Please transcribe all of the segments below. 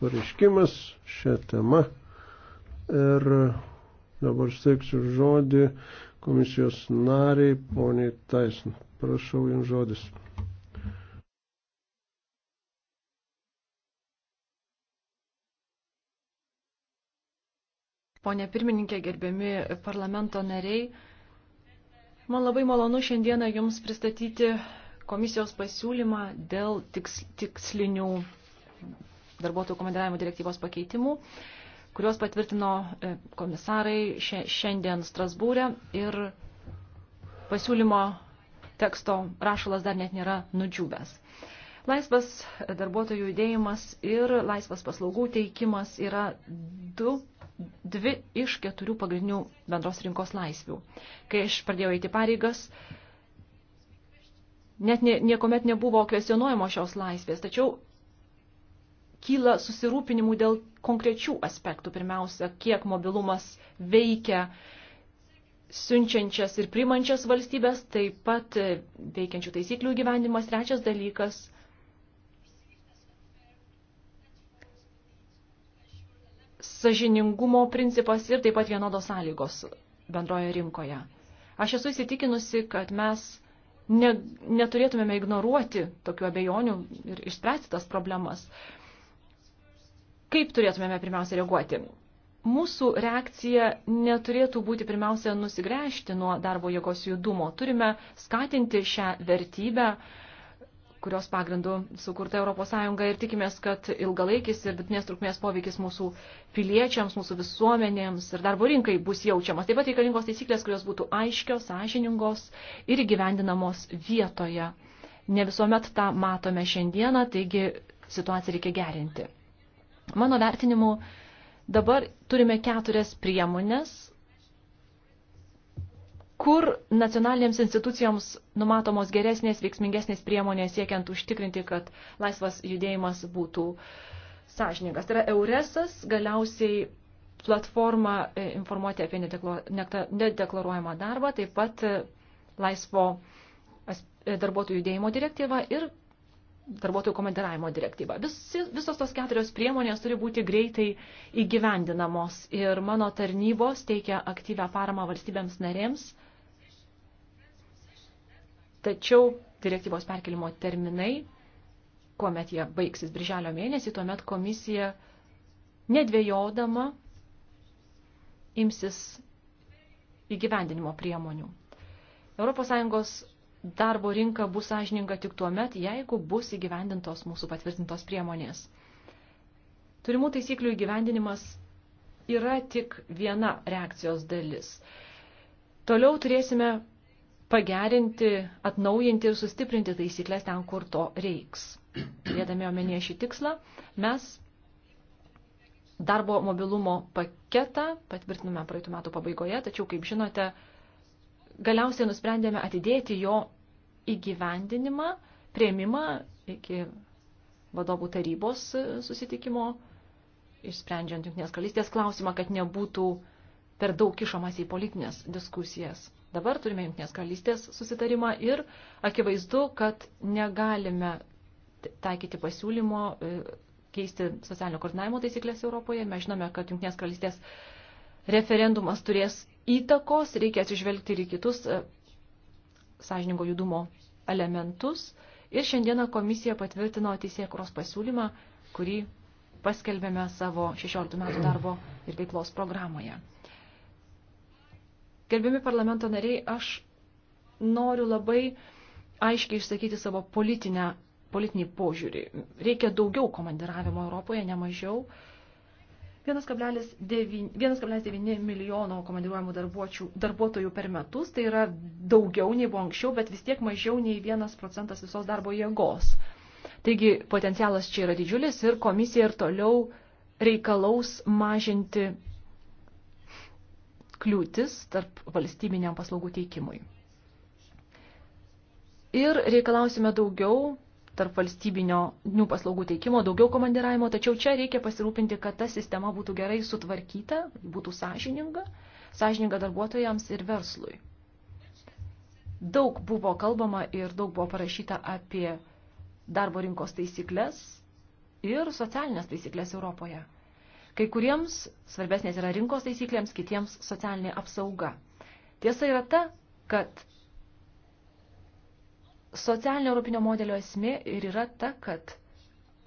pareiškimas šią temą ir dabar steiksiu žodį komisijos nariai poniai Taisin. Prašau jums žodis. Pone pirmininkė, gerbiami parlamento nariai, man labai malonu šiandieną jums pristatyti komisijos pasiūlymą dėl tiks, tikslinių darbuotojų komandiravimo direktyvos pakeitimų, kuriuos patvirtino e, komisarai šiandien Strasbūrė ir pasiūlymo teksto rašalas dar net nėra nudžiūvęs. Laisvas darbuotojų judėjimas ir laisvas paslaugų teikimas yra du, dvi iš keturių pagrindinių bendros rinkos laisvių. Kai aš pradėjau eiti pareigas, net nie, niekuomet nebuvo kvestionuojamo šios laisvės, tačiau kyla susirūpinimų dėl konkrečių aspektų. Pirmiausia, kiek mobilumas veikia siunčiančias ir primančias valstybės, taip pat veikiančių taisyklių gyvendimas. Trečias dalykas - sažiningumo principas ir taip pat vienodos sąlygos bendroje rinkoje. Aš esu įsitikinusi, kad mes ne, neturėtumėme ignoruoti tokių abejonių ir išspręsti tas problemas. Kaip turėtumėme pirmiausia reaguoti? Mūsų reakcija neturėtų būti pirmiausia nusigręžti nuo darbo jėgos judumo. Turime skatinti šią vertybę, kurios pagrindų sukurta ES ir tikimės, kad ilgalaikis ir vidutinės trukmės poveikis mūsų piliečiams, mūsų visuomenėms ir darbo rinkai bus jaučiamas. Taip pat reikalingos taisyklės, kurios būtų aiškios, sąžiningos ir gyvendinamos vietoje. Ne visuomet tą matome šiandieną, taigi situaciją reikia gerinti. Mano vertinimu, dabar turime keturias priemonės, kur nacionalinėms institucijoms numatomos geresnės, veiksmingesnės priemonės siekiant užtikrinti, kad laisvas judėjimas būtų sąžininkas. Tai yra Euresas, galiausiai platforma e, informuoti apie nedeklaruojamą darbą, taip pat e, laisvo e, darbuotojų judėjimo direktyva ir darbuotojų komandiravimo direktyvą. Visi, visos tos keturios priemonės turi būti greitai įgyvendinamos ir mano tarnybos teikia aktyvę paramą valstybėms narėms. Tačiau direktyvos perkelimo terminai, kuomet jie baigsis birželio mėnesį, tuomet komisija nedvėjodama imsis įgyvendinimo priemonių. ES darbo rinka bus sąžininga tik tuo met, jeigu bus įgyvendintos mūsų patvirtintos priemonės. Turimų taisyklių įgyvendinimas yra tik viena reakcijos dalis. Toliau turėsime pagerinti, atnaujinti ir sustiprinti taisyklės ten, kur to reiks. Turėdami omenyje šį tikslą, mes darbo mobilumo paketą patvirtinome praeitų metų pabaigoje, tačiau, kaip žinote, galiausiai nusprendėme atidėti jo įgyvendinimą, prieimimą iki vadovų tarybos e, susitikimo, išsprendžiant Junktinės karalystės klausimą, kad nebūtų per daug kišamas į politinės diskusijas. Dabar turime Junktinės karalystės susitarimą ir akivaizdu, kad negalime taikyti pasiūlymo e, keisti socialinio koordinavimo taisyklės Europoje. Mes žinome, kad Junktinės karalystės referendumas turės įtakos, reikia atsižvelgti ir į kitus e, sąžiningo judumo elementus ir šiandieną komisija patvirtino teisėkuros pasiūlymą, kurį paskelbėme savo 16 metų darbo ir veiklos programoje. Gerbiami parlamento nariai, aš noriu labai aiškiai išsakyti savo politinę, politinį požiūrį. Reikia daugiau komandiravimo Europoje, ne mažiau. 1,9 milijono komandiruojamų darbuotojų per metus, tai yra daugiau nei buvo anksčiau, bet vis tiek mažiau nei 1 procentas visos darbo jėgos. Taigi potencialas čia yra didžiulis ir komisija ir toliau reikalaus mažinti kliūtis tarp valstybiniam paslaugų teikimui. Ir reikalausime daugiau tarp valstybinių paslaugų teikimo, daugiau komandiravimo, tačiau čia reikia pasirūpinti, kad ta sistema būtų gerai sutvarkyta, būtų sąžininga, sąžininga darbuotojams ir verslui. Daug buvo kalbama ir daug buvo parašyta apie darbo rinkos taisyklės ir socialinės taisyklės Europoje. Kai kuriems svarbesnės yra rinkos taisyklėms, kitiems socialinė apsauga. Tiesa yra ta, kad Socialinio europinio modelio esmė ir yra ta, kad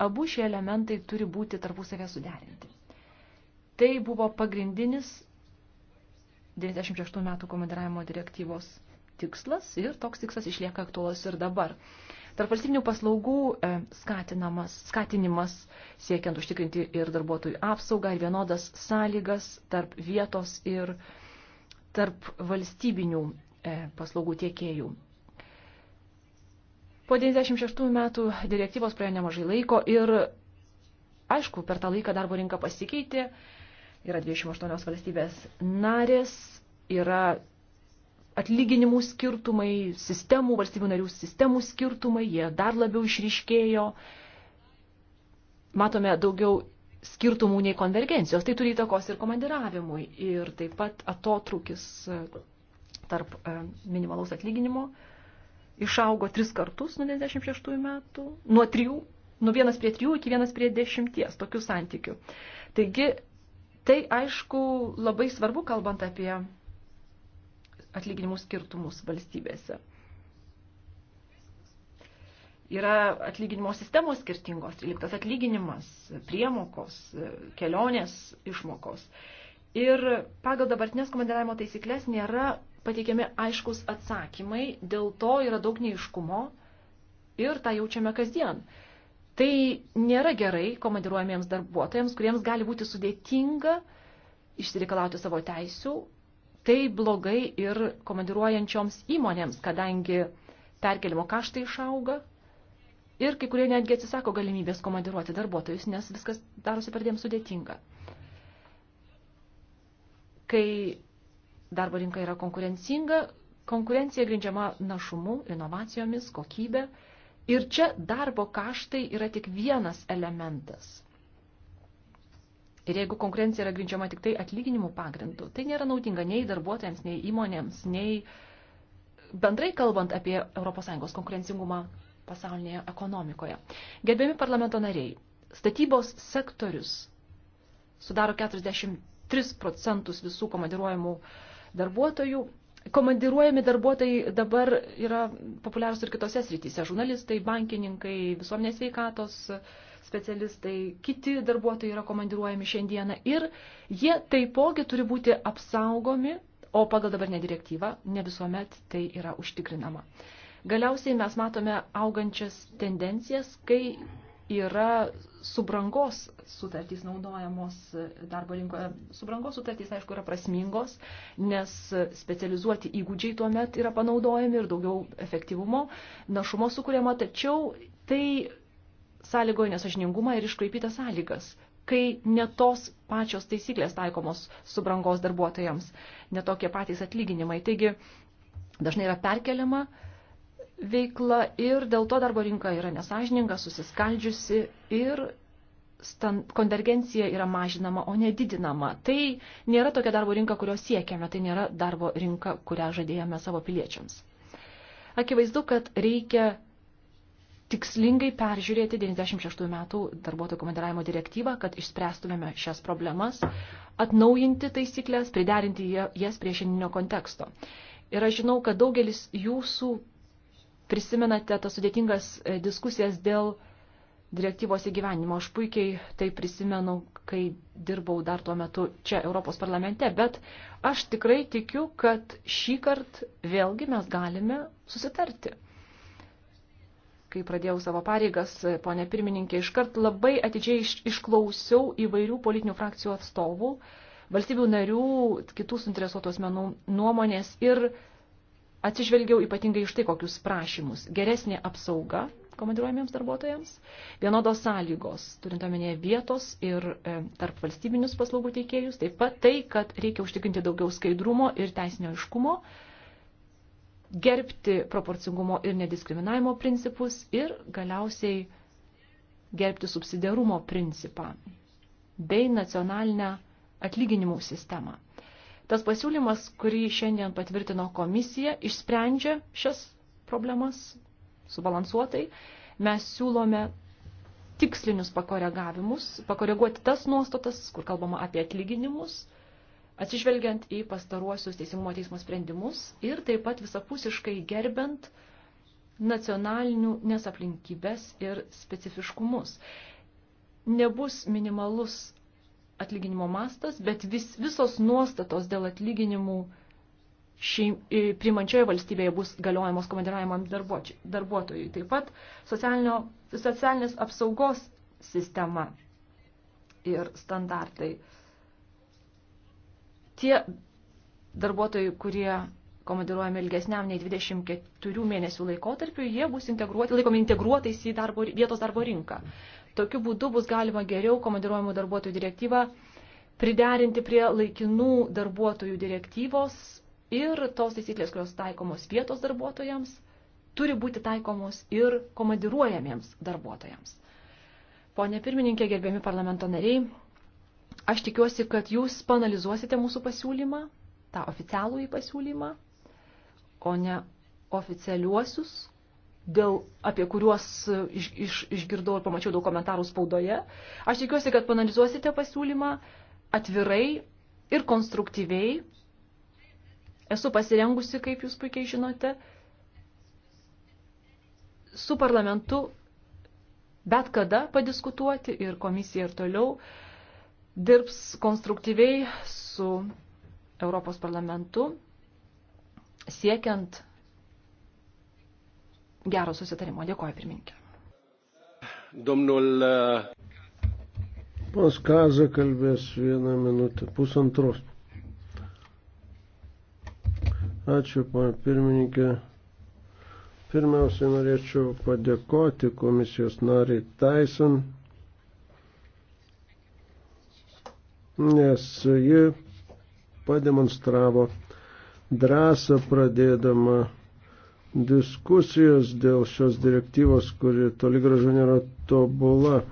abu šie elementai turi būti tarpusavė suderinti. Tai buvo pagrindinis 98 metų komandiravimo direktyvos tikslas ir toks tikslas išlieka aktuolus ir dabar. Tarp valstybinių paslaugų e, skatinamas, skatinimas siekiant užtikrinti ir darbuotojų apsaugą ir vienodas sąlygas tarp vietos ir tarp valstybinių e, paslaugų tiekėjų. Po 96 metų direktyvos praėjo nemažai laiko ir, aišku, per tą laiką darbo rinka pasikeitė, yra 28 valstybės narės, yra atlyginimų skirtumai, sistemų, valstybių narių sistemų skirtumai, jie dar labiau išryškėjo. Matome daugiau skirtumų nei konvergencijos, tai turi įtakos ir komandiravimui ir taip pat atotrukis e, tarp e, minimalaus atlyginimo išaugo tris kartus nuo 96 metų, nuo 3, nuo 1 prie 3 iki 1 prie 10 tokių santykių. Taigi, tai aišku labai svarbu, kalbant apie atlyginimų skirtumus valstybėse. Yra atlyginimo sistemos skirtingos, 13 atlyginimas, priemokos, kelionės išmokos. Ir pagal dabartinės komandiravimo taisyklės nėra pateikiami aiškus atsakymai, dėl to yra daug neiškumo ir tą jaučiame kasdien. Tai nėra gerai komandiruojamiems darbuotojams, kuriems gali būti sudėtinga išsireikalauti savo teisių. Tai blogai ir komandiruojančioms įmonėms, kadangi perkelimo kaštai išauga ir kai kurie netgi atsisako galimybės komandiruoti darbuotojus, nes viskas darosi perdėm sudėtinga. Kai Darbo rinka yra konkurencinga, konkurencija grindžiama našumu, inovacijomis, kokybė. Ir čia darbo kaštai yra tik vienas elementas. Ir jeigu konkurencija yra grindžiama tik tai atlyginimų pagrindu, tai nėra naudinga nei darbuotojams, nei įmonėms, nei bendrai kalbant apie ES konkurencingumą pasaulinėje ekonomikoje. Gerbiami parlamento nariai, statybos sektorius sudaro 43 procentus visų komandiruojamų uh, Darbuotojų, komandiruojami darbuotojai dabar yra populiarūs ir kitose srityse - žurnalistai, bankininkai, visuomenės veikatos specialistai, kiti darbuotojai yra komandiruojami šiandieną ir jie taipogi turi būti apsaugomi, o pagal dabartinę direktyvą ne visuomet tai yra užtikrinama. Galiausiai mes matome augančias tendencijas, kai yra subrangos sutartys naudojamos darbo rinkoje. Subrangos sutartys, aišku, yra prasmingos, nes specializuoti įgūdžiai tuo met yra panaudojami ir daugiau efektyvumo, našumo sukūrėma, tačiau tai sąlygoja nesažiningumą ir iškraipytas sąlygas kai netos pačios taisyklės taikomos subrangos darbuotojams, netokie patys atlyginimai. Taigi dažnai yra perkeliama uh, veikla ir dėl to darbo rinka yra nesažininga, susiskaldžiusi ir stand, konvergencija yra mažinama, o nedidinama. Tai nėra tokia darbo rinka, kurios siekiame, tai nėra darbo rinka, kurią žadėjome savo piliečiams. Akivaizdu, kad reikia tikslingai peržiūrėti 96 metų darbuotojų komandiravimo direktyvą, kad išspręstumėme šias problemas, atnaujinti taisyklės, priderinti jas prie šiandieninio konteksto. Ir aš žinau, kad daugelis jūsų prisimenate tas sudėtingas e, diskusijas dėl direktyvos įgyvenimo. Aš puikiai tai prisimenu, kai dirbau dar tuo metu čia Europos parlamente, bet aš tikrai tikiu, kad šį kartą vėlgi mes galime susitarti. Kai pradėjau savo pareigas, e, ponė pirmininkė, iškart labai atidžiai išklausiau įvairių politinių frakcijų atstovų, valstybių narių, kitų suinteresuotų asmenų nuomonės ir uh, atsižvelgiau ypatingai iš tai, kokius prašymus. Geresnė apsauga komandiruojamiems darbuotojams, vienodos sąlygos, turint omenyje vietos ir e, tarp valstybinius paslaugų teikėjus, taip pat tai, kad reikia užtikrinti daugiau skaidrumo ir teisinio iškumo, gerbti proporcingumo ir nediskriminavimo principus ir galiausiai gerbti subsidiarumo principą bei nacionalinę atlyginimų sistemą. Tas pasiūlymas, kurį šiandien patvirtino komisija, išsprendžia šias problemas subalansuotai. Mes siūlome tikslinius pakoregavimus, pakoreguoti tas nuostatas, kur kalbama apie atlyginimus, atsižvelgiant į pastaruosius teisingumo teismo sprendimus ir taip pat visapusiškai gerbent nacionalinių nesaplinkybės ir specifiškumus nebus minimalus atlyginimo mastas, bet vis, visos nuostatos dėl atlyginimų šeim, e, primančioje valstybėje bus galiojamos komandiravimam darbuotojui. Taip pat socialinės apsaugos sistema ir standartai. Tie darbuotojai, kurie komandiruojami ilgesniam nei 24 mėnesių laikotarpiu, jie bus integruoti, laikomi integruotais į darbo, vietos darbo rinką. Tokiu būdu bus galima geriau komandiruojamų darbuotojų direktyvą priderinti prie laikinų darbuotojų direktyvos ir tos taisyklės, kurios taikomos vietos darbuotojams, turi būti taikomos ir komandiruojamiems darbuotojams. Pone pirmininkė, gerbiami parlamento nariai, aš tikiuosi, kad jūs panalizuosite mūsų pasiūlymą, tą oficialų į pasiūlymą, o ne oficialiuosius, dėl, apie kuriuos e, iš, iš, išgirdau ir pamačiau daug komentarų spaudoje. Aš tikiuosi, kad panalizuosite pasiūlymą atvirai ir konstruktyviai. Esu pasirengusi, kaip jūs puikiai žinote, su parlamentu bet kada padiskutuoti ir komisija ir toliau dirbs konstruktyviai su Europos parlamentu siekiant gero susitarimo. Dėkuoju, pirmininkė. Domnul. Uh, Pas Kazą kalbės vieną minutę, pusantros. Ačiū, pana pirmininkė. Pirmiausia, norėčiau padėkoti komisijos nariai Tyson, nes ji pademonstravo drąsą pradėdama diskusijos dėl šios direktyvos, kuri toli gražu nėra tobula.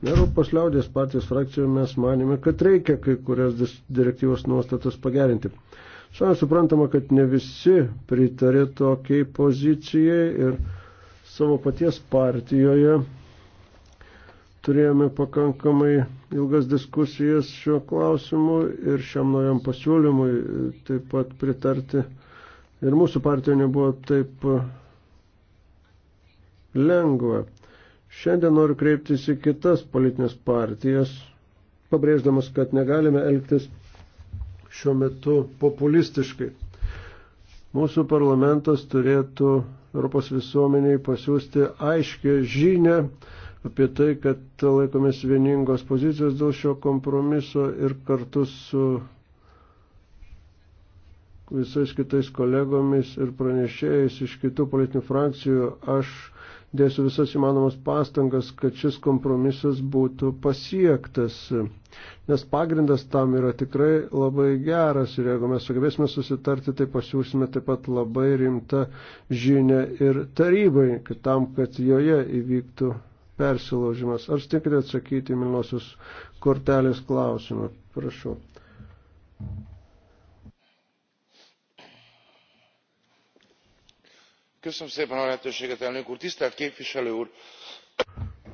Europos liaudės partijos frakcijoje mes manėme, kad reikia kai kurias direktyvos nuostatas pagerinti. Šiandien suprantama, kad ne visi pritarė tokiai pozicijai ir savo paties partijoje turėjome pakankamai ilgas diskusijas šiuo klausimu ir šiam naujam pasiūlymui e, taip pat pritarti. Ir mūsų partija nebuvo taip e, lengva. Šiandien noriu kreiptis į kitas politinės partijas, pabrėždamas, kad negalime elgtis šiuo metu populistiškai. Mūsų parlamentas turėtų Europos visuomeniai pasiūsti aiškę žinę, apie tai, kad laikomės vieningos pozicijos dėl šio kompromiso ir kartu su visais kitais kolegomis ir pranešėjais iš kitų politinių frakcijų aš dėsiu visas įmanomas pastangas, kad šis kompromisas būtų pasiektas, nes pagrindas tam yra tikrai labai geras ir jeigu mes sugebėsime susitarti, tai pasiūsime taip pat labai rimtą žinę ir tarybai, kad tam, kad joje įvyktų persilaužimas. Ar stikite atsakyti Milosios kortelės klausimą? Prašau. Köszönöm szépen a lehetőséget, elnök úr. Tisztelt képviselő úr!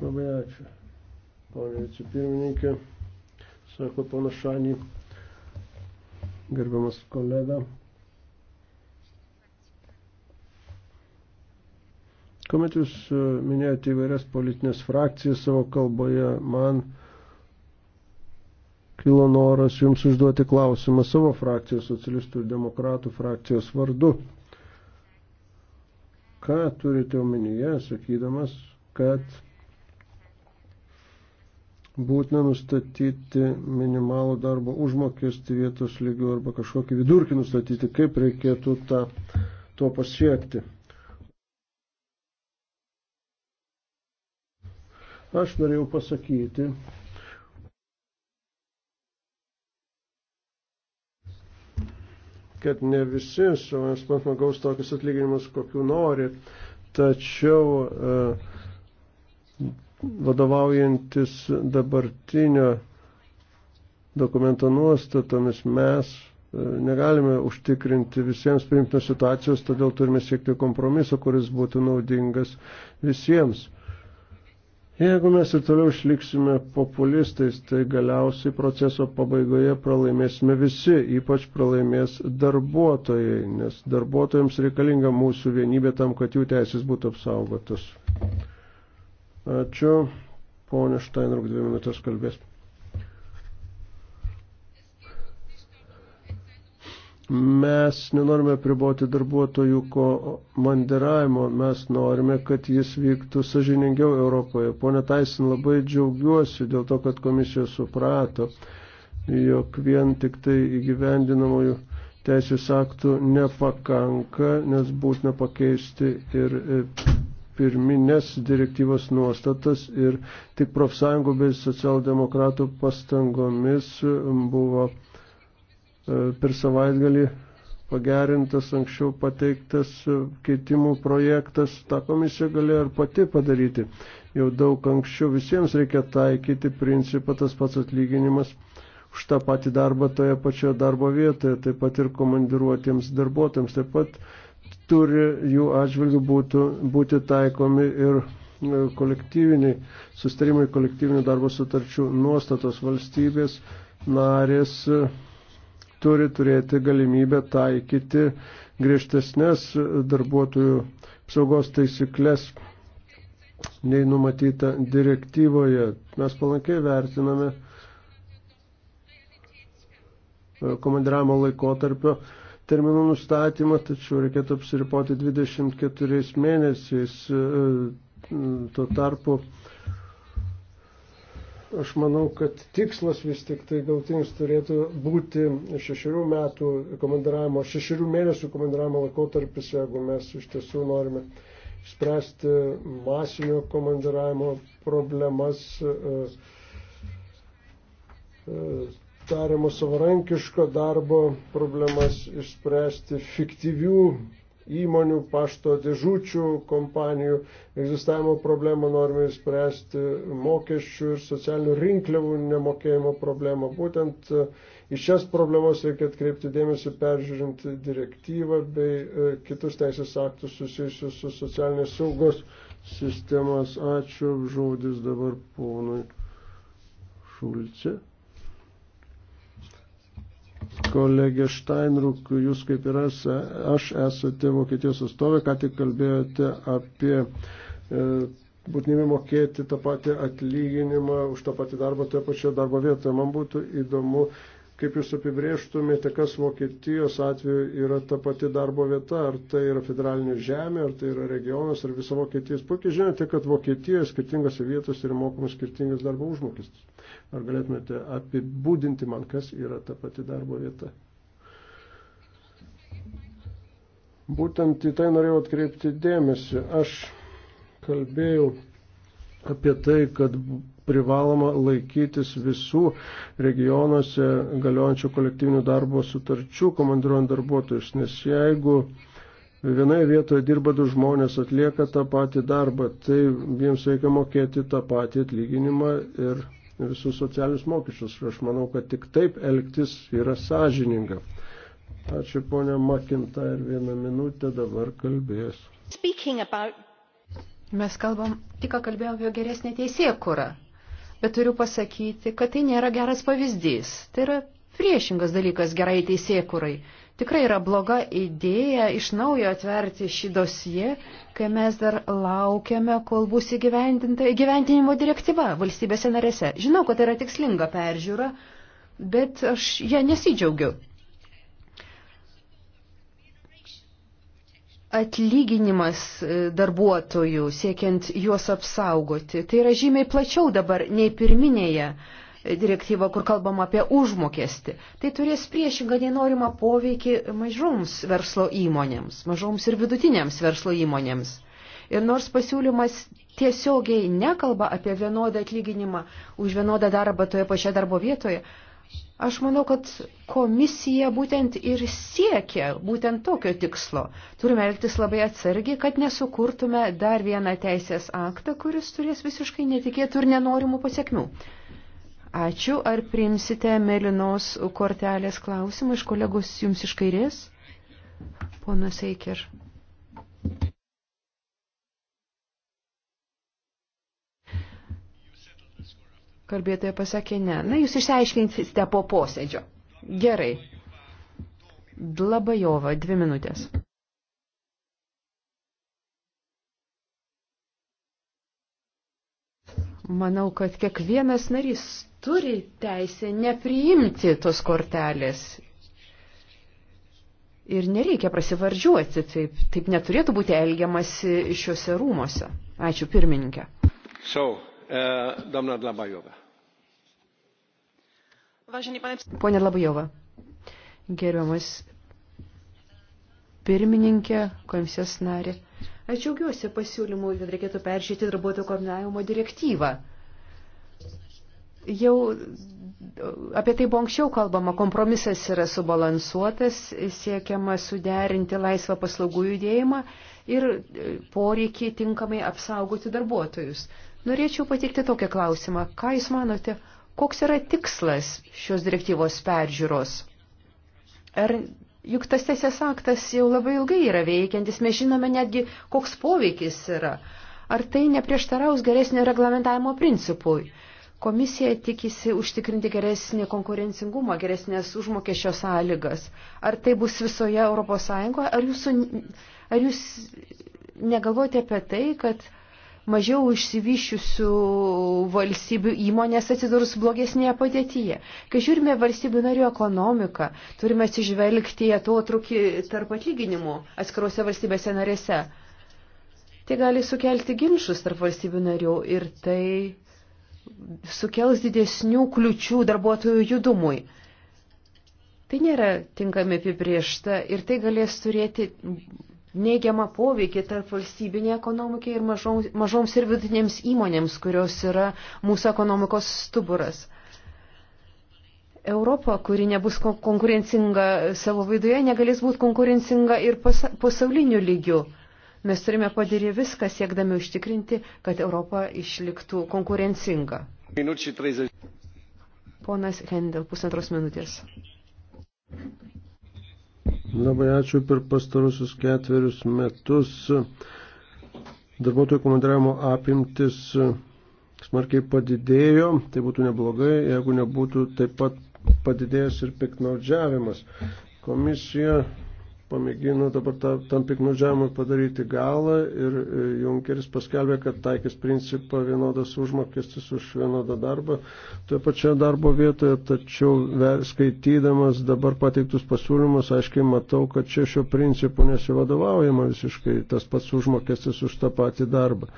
Labai ačiū. Pane vicepirmininkė, sako pana Šanį, gerbiamas kolega. Kuomet jūs e, minėjote įvairias politinės frakcijas savo kalboje, man kilo noras jums užduoti klausimą savo frakcijos, socialistų ir demokratų frakcijos vardu. Ką turite omenyje, sakydamas, kad būtina nustatyti minimalų darbo užmokestį vietos lygių arba kažkokį vidurkį nustatyti, kaip reikėtų tą, to pasiekti. Aš norėjau pasakyti, kad ne visi savaime gaus tokius atlyginimus, kokiu nori, tačiau e, vadovaujantis dabartinio dokumento nuostatomis mes e, negalime užtikrinti visiems priimtinos situacijos, todėl turime siekti kompromiso, kuris būtų naudingas visiems. Jeigu mes ir toliau išliksime populistais, tai galiausiai proceso pabaigoje pralaimėsime visi, ypač pralaimės darbuotojai, nes darbuotojams reikalinga mūsų vienybė tam, kad jų teisės būtų apsaugotos. Ačiū. Pone Štainruk, dvi minutės kalbės. Mes nenorime priboti darbuotojų komandiravimo, mes norime, kad jis vyktų sažiningiau Europoje. Pone Taisin, labai džiaugiuosi dėl to, kad komisija suprato, jog vien tik tai įgyvendinamųjų teisės aktų nepakanka, nes būtina pakeisti ir e, pirminės direktyvos nuostatas ir tik profsąjungų bei socialdemokratų pastangomis buvo E, per savaitgalį pagerintas anksčiau pateiktas e, keitimų projektas, tą komisija galėjo ir pati padaryti. Jau daug anksčiau visiems reikia taikyti principą tas pats atlyginimas už tą patį darbą toje pačioje darbo vietoje, taip pat ir komandiruotiems darbuotojams, taip pat turi jų atžvilgių būtų, būti taikomi ir e, kolektyviniai sustarimai kolektyvinių darbo sutarčių nuostatos valstybės narės turi turėti galimybę taikyti griežtesnės darbuotojų apsaugos taisyklės nei numatyta direktyvoje. Mes palankiai vertiname e, komandiravimo laikotarpio terminų nustatymą, tačiau reikėtų apsiripoti 24 mėnesiais. E, e, tuo tarpu Aš manau, kad tikslas vis tik tai gautinis turėtų būti šešių metų komandiravimo, šešių mėnesių komandiravimo laikotarpis, jeigu mes iš tiesų norime spręsti masinio komandiravimo problemas, e, e, tariamo savarankiško darbo problemas, išspręsti fiktyvių įmonių, pašto dėžučių kompanijų egzistavimo problemą norime išspręsti, mokesčių ir socialinių rinkliavų nemokėjimo problemą. Būtent e, į šias problemas reikia atkreipti dėmesį peržiūrint direktyvą bei e, kitus teisės aktus susijusius su socialinės saugos sistemas. Ačiū, žodis dabar ponui Šulce. Kolegė Steinruk, jūs kaip ir aš, aš esate Vokietijos atstovė, ką tik kalbėjote apie e, būtinybę mokėti tą patį atlyginimą už tą patį darbą toje pačioje darbo vietoje. Man būtų įdomu Kaip jūs apibrėžtumėte, kas Vokietijos atveju yra ta pati darbo vieta, ar tai yra federalinė žemė, ar tai yra regionas, ar visa Vokietijos. Puikiai žinote, kad Vokietijoje skirtingose vietose yra mokamas skirtingas darbo užmokestis. Ar galėtumėte apibūdinti man, kas yra ta pati darbo vieta? Būtent į tai norėjau atkreipti dėmesį. Aš kalbėjau apie tai, kad privaloma laikytis visų regionuose galiojančių kolektyvinių darbo sutarčių komandiruojant darbuotojus, nes jeigu vienoje vietoje dirba du žmonės, atlieka tą patį darbą, tai jiems reikia mokėti tą patį atlyginimą ir visus socialinius mokesčius. Aš manau, kad tik taip elgtis yra sąžininga. Ačiū ponia Makinta ir vieną minutę dabar kalbės. Mes kalbam, tik ką kalbėjom apie geresnį teisėkurą, bet turiu pasakyti, kad tai nėra geras pavyzdys. Tai yra priešingas dalykas gerai teisėkurai. Tikrai yra bloga idėja iš naujo atverti šį dosiją, kai mes dar laukiame, kol bus įgyvendinta įgyvendinimo direktyva valstybėse narėse. Žinau, kad tai yra tikslinga peržiūra, bet aš ją nesidžiaugiu. atlyginimas e, darbuotojų, siekiant juos apsaugoti. Tai yra žymiai plačiau dabar nei pirminėje e, direktyva, kur kalbam apie užmokestį. Tai turės priešingą nenorimą poveikį mažoms verslo įmonėms, mažoms ir vidutinėms verslo įmonėms. Ir nors pasiūlymas tiesiogiai nekalba apie vienodą atlyginimą už vienodą darbą toje pačioje darbo vietoje, Aš manau, kad komisija būtent ir siekia būtent tokio tikslo. Turime elgtis labai atsargiai, kad nesukurtume dar vieną teisės aktą, kuris turės visiškai netikėtų ir nenorimų pasiekmių. Ačiū. Ar priimsite mėlynos kortelės klausimą iš kolegos jums iš kairės? Ponas Eiker. Kalbėtoja pasakė ne. Na, jūs išsiaiškinsite po posėdžio. Gerai. Dlabajova, dvi minutės. Manau, kad kiekvienas narys turi teisę nepriimti tos kortelės. Ir nereikia prasivardžiuoti, taip, taip neturėtų būti elgiamasi šiuose rūmose. Ačiū pirmininkė. So, E, doamna Dlabajova. Pone Labajova, gerbiamas pirmininkė, komisijos narė, aš džiaugiuosi pasiūlymu, kad reikėtų peržiūrėti darbuotojų koordinavimo direktyvą. Jau apie tai buvo anksčiau kalbama, kompromisas yra subalansuotas, siekiama suderinti laisvą paslaugų judėjimą ir poreikį tinkamai apsaugoti darbuotojus. Norėčiau pateikti tokią klausimą. Ką Jūs manote, koks yra tikslas šios direktyvos peržiūros? Ar juk tas teisės aktas jau labai ilgai yra veikiantis, mes žinome netgi, koks poveikis yra. Ar tai neprieštaraus geresnio reglamentavimo principui? Komisija tikisi užtikrinti geresnį konkurencingumą, geresnės užmokesčio sąlygas. Ar tai bus visoje Europos Sąjungoje? Ar, jūsų, ar jūs negalvojate apie tai, kad mažiau išsivyščiusių valstybių įmonės atsidurs blogesnėje padėtyje. Kai žiūrime valstybių narių ekonomiką, turime atsižvelgti į atotrukį tarp atlyginimų atskiruose valstybėse narėse. Tai gali sukelti ginčius tarp valstybių narių ir tai sukels didesnių kliučių darbuotojų judumui. Tai nėra tinkami apibriešta ir tai galės turėti neigiamą poveikį tarp valstybinė ekonomikai ir mažoms, mažoms ir vidutinėms įmonėms, kurios yra mūsų ekonomikos stuburas. Europa, kuri nebus konkurencinga savo viduje, negalės būti konkurencinga ir pasa pasauliniu lygiu. Mes turime padaryti viską, siekdami užtikrinti, kad Europa išliktų konkurencinga. Ponas Hendel, pusantros minutės. Labai ačiū per pastarusius ketverius metus. Darbuotojų komandiravimo apimtis smarkiai padidėjo, tai būtų neblogai, jeigu nebūtų taip pat padidėjęs ir piknaudžiavimas. Komisija pamėgino dabar tą, tam piknudžiavimui padaryti galą ir e, Junkeris paskelbė, kad taikys principą vienodas užmokestis už vienodą darbą toje pačioje darbo vietoje, tačiau skaitydamas dabar pateiktus pasiūlymus, aiškiai matau, kad čia šio principu nesivadovaujama visiškai tas pats užmokestis už tą patį darbą.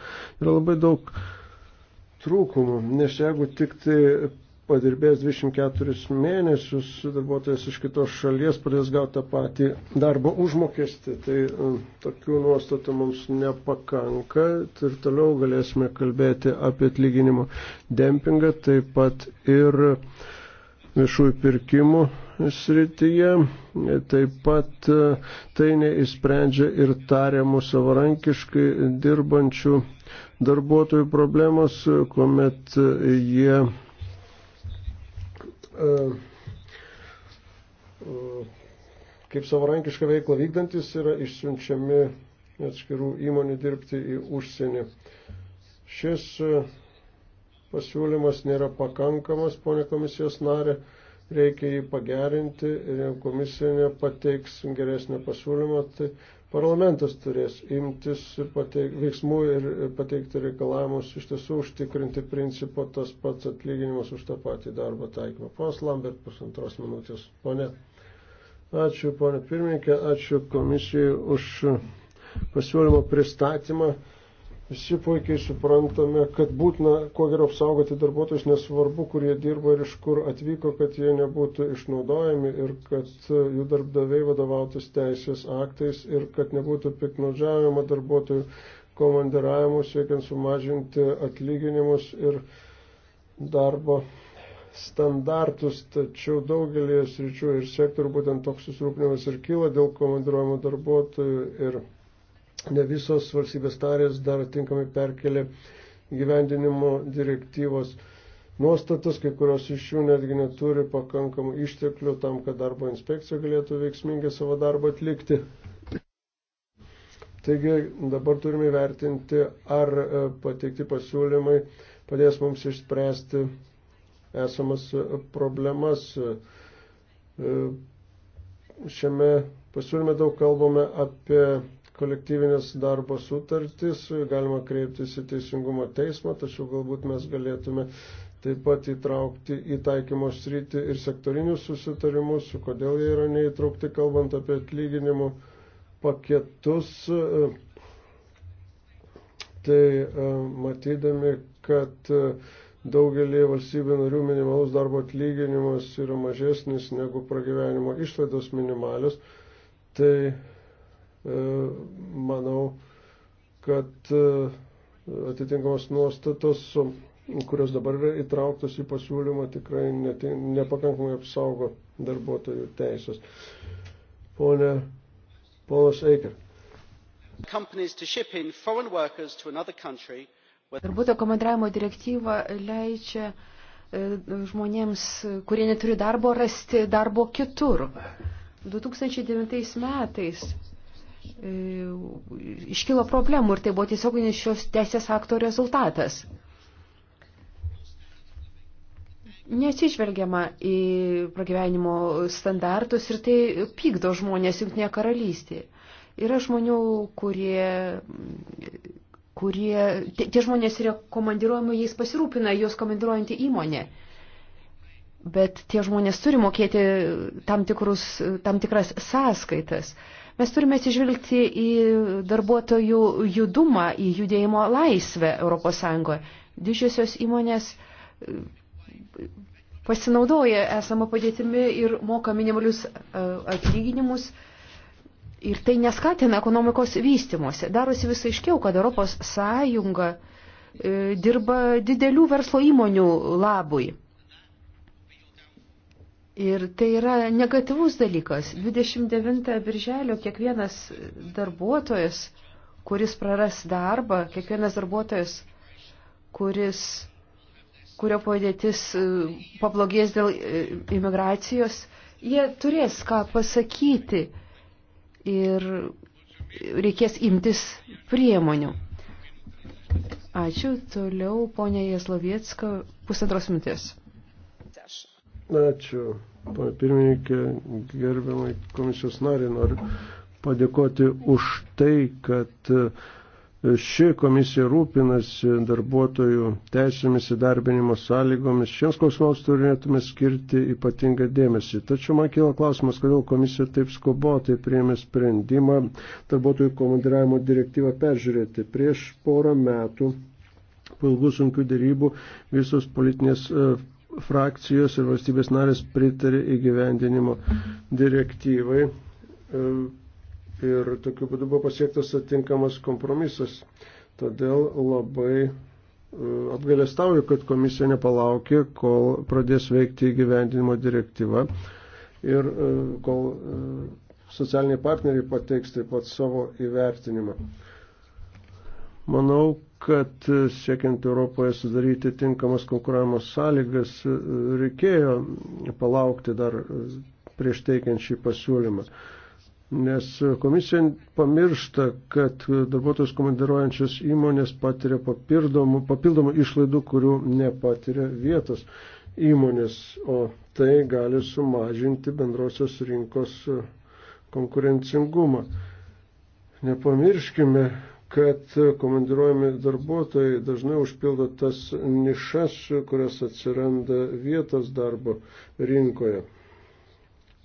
Yra labai daug trūkumų, nes jeigu tik tai padirbėjęs 24 mėnesius, darbuotojas iš kitos šalies pradės gauti tą patį darbo užmokestį. Tai e, tokių nuostatų mums nepakanka ir toliau galėsime kalbėti apie atlyginimo dempingą, taip pat ir viešųjų pirkimų srityje. Taip pat e, tai neįsprendžia ir tariamų savarankiškai dirbančių darbuotojų problemos, kuomet jie E, e, kaip savarankišką veiklą vykdantis yra išsiunčiami atskirų įmonių dirbti į užsienį. Šis e, pasiūlymas nėra pakankamas, ponė komisijos narė, reikia jį pagerinti ir jeigu komisija nepateiks geresnio pasiūlymo, tai parlamentas turės imtis pateik, veiksmų ir pateikti reikalavimus iš tiesų užtikrinti principo tas pats atlyginimas už tą patį darbą taikymą. Ponas Lambert, pusantros minutės. Pone, ačiū, pone pirmininkė, ačiū komisijai už pasiūlymo pristatymą. Visi puikiai suprantame, kad būtina kuo geriau apsaugoti darbuotojus, nesvarbu, kur jie dirba ir iš kur atvyko, kad jie nebūtų išnaudojami ir kad jų darbdaviai vadovautis teisės aktais ir kad nebūtų piknaudžiavimo darbuotojų komandiravimu, siekiant sumažinti atlyginimus ir darbo standartus, tačiau daugelį sričių ir sektorių būtent toks susirūpinimas ir kyla dėl komandiruojamų darbuotojų ir ne visos valstybės tarės dar tinkamai perkelė gyvendinimo direktyvos nuostatas, kai kurios iš jų netgi neturi pakankamų išteklių tam, kad darbo inspekcija galėtų veiksmingai savo darbą atlikti. Taigi dabar turime vertinti, ar e, pateikti pasiūlymai padės mums išspręsti esamas e, problemas. E, šiame pasiūlyme daug kalbame apie kolektyvinės darbo sutartys, galima kreiptis į teisingumo teismą, tačiau galbūt mes galėtume taip pat įtraukti į taikymo sritį ir sektorinius susitarimus, kodėl jie yra neįtraukti, kalbant apie atlyginimų paketus. Tai e, matydami, kad e, daugelį valstybių narių minimalus darbo atlyginimas yra mažesnis negu pragyvenimo išlaidos minimalios, tai E, manau, kad e, atitinkamos nuostatos, kurios dabar yra įtrauktos į pasiūlymą, tikrai nepakankamai apsaugo darbuotojų teisės. Pone, ponas Eiker. Darbuotojo komandravimo direktyva leidžia e, žmonėms, kurie neturi darbo, rasti darbo kitur. 2009 metais E, iškilo problemų ir tai buvo tiesioginis šios teisės akto rezultatas. Neatsižvelgiama į pragyvenimo standartus ir tai pykdo žmonės Junktinėje karalystėje. Yra žmonių, kurie, kurie tie, tie žmonės yra komandiruojami, jais pasirūpina juos komandiruojantį įmonę. Bet tie žmonės turi mokėti tam, tikrus, tam tikras sąskaitas. Uh, Mes turime atsižvelgti į darbuotojų judumą, į judėjimo laisvę ES. Didžiosios įmonės e, pasinaudoja esamą padėtimi ir moka minimalius e, atlyginimus. Ir tai neskatina ekonomikos vystimuose. Darosi visai iškiau, kad ES e, dirba didelių verslo įmonių labui. Ir tai yra negatyvus dalykas. 29 birželio kiekvienas darbuotojas, kuris praras darbą, kiekvienas darbuotojas, kuris, kurio padėtis e, pablogės dėl e, imigracijos, jie turės ką pasakyti ir reikės imtis priemonių. Ačiū. Toliau, ponė Jaslovietska, pusantros minutės. Ačiū, pana pirmininkė, gerbiamai komisijos nariai, noriu padėkoti už tai, kad ši komisija rūpinasi darbuotojų teisėmis įdarbinimo sąlygomis. Šiems klausimams turėtume skirti ypatingą dėmesį. Tačiau man kilo klausimas, kodėl komisija taip skubotai priėmė sprendimą darbuotojų komandiravimo direktyvą peržiūrėti. Prieš porą metų, po ilgų sunkių dėrybų, visos politinės e, frakcijos ir valstybės narės pritarė įgyvendinimo direktyvai e, ir tokiu būdu buvo pasiektas atinkamas kompromisas. Todėl labai e, apgailestauju, kad komisija nepalaukė, kol pradės veikti įgyvendinimo direktyva ir e, kol socialiniai partneriai pateiks taip pat savo įvertinimą. Manau, kad e, siekiant Europoje sudaryti tinkamas konkuravimo sąlygas, e, reikėjo palaukti dar e, prieš teikiant šį pasiūlymą. Nes komisija pamiršta, kad darbuotojus komandiruojančios įmonės patiria papildomų, papildomų išlaidų, kurių nepatiria vietos įmonės, o tai gali sumažinti bendrosios rinkos konkurencingumą. Nepamirškime, kad komandiruojami darbuotojai dažnai užpildo tas nišas, kurios atsiranda vietos darbo rinkoje.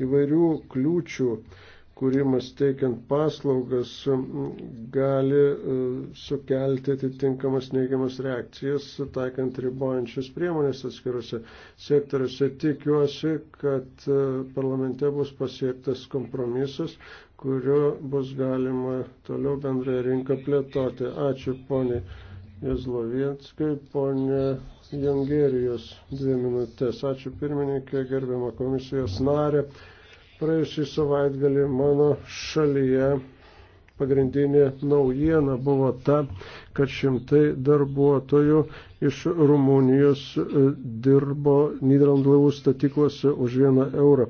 Įvairių kliūčių kūrimas teikiant paslaugas gali e, sukelti atitinkamas neigiamas reakcijas, taikant ribojančias priemonės atskirose sektoriuose. Tikiuosi, kad e, parlamente bus pasiektas kompromisas, kuriuo bus galima toliau bendrąją rinką plėtoti. Ačiū ponė Jezlovietskai, ponė Jangerijos dvi minutės. Ačiū pirmininkė, gerbiama komisijos narė. Praėjusį savaitgalį mano šalyje pagrindinė naujiena buvo ta, kad šimtai darbuotojų iš Rumunijos e, dirbo Niderlandų laivų statyklose už vieną eurą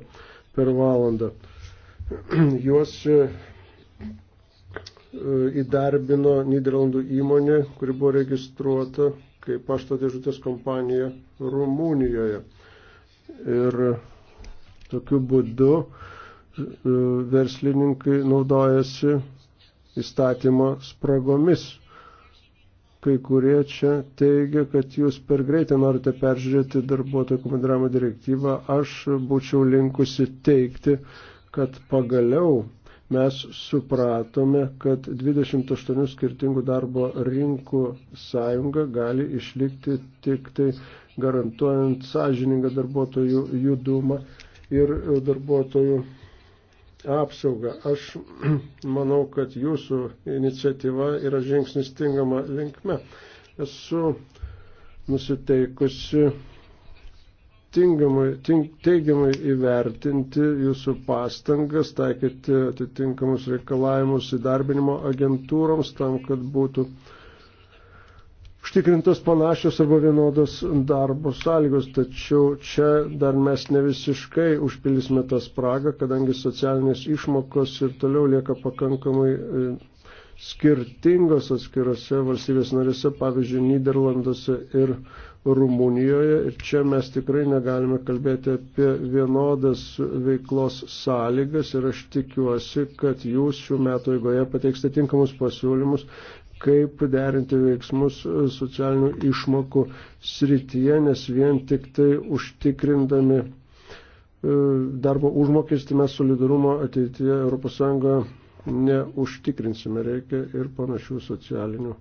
per valandą. Juos e, e, įdarbino Niderlandų įmonė, kuri buvo registruota kaip pašto dėžutės kompanija Rumunijoje. Ir Tokiu būdu e, verslininkai naudojasi įstatymo spragomis. Kai kurie čia teigia, kad jūs per greitai norite peržiūrėti darbuotojų komandiravimo direktyvą. Aš būčiau linkusi teikti, kad pagaliau mes supratome, kad 28 skirtingų darbo rinkų sąjunga gali išlikti tik tai garantuojant sąžiningą darbuotojų judumą ir darbuotojų apsaugą. Aš manau, kad jūsų iniciatyva yra žingsnis tinkama linkme. Esu nusiteikusi tingamai, tink, teigiamai įvertinti jūsų pastangas, taikyti atitinkamus reikalavimus įdarbinimo agentūroms tam, kad būtų uh, užtikrintos panašios arba vienodos darbo sąlygos, tačiau čia dar mes ne visiškai užpildysime tą spragą, kadangi socialinės išmokos ir toliau lieka pakankamai e, skirtingos atskirose valstybės narėse, pavyzdžiui, Niderlanduose ir Rumunijoje. Ir čia mes tikrai negalime kalbėti apie vienodas veiklos sąlygas ir aš tikiuosi, kad jūs šių metų eigoje pateiksite tinkamus pasiūlymus, kaip derinti veiksmus socialinių išmokų srityje, nes vien tik tai užtikrindami e, darbo užmokestį mes solidarumo ateityje ES neužtikrinsime. Reikia ir panašių socialinių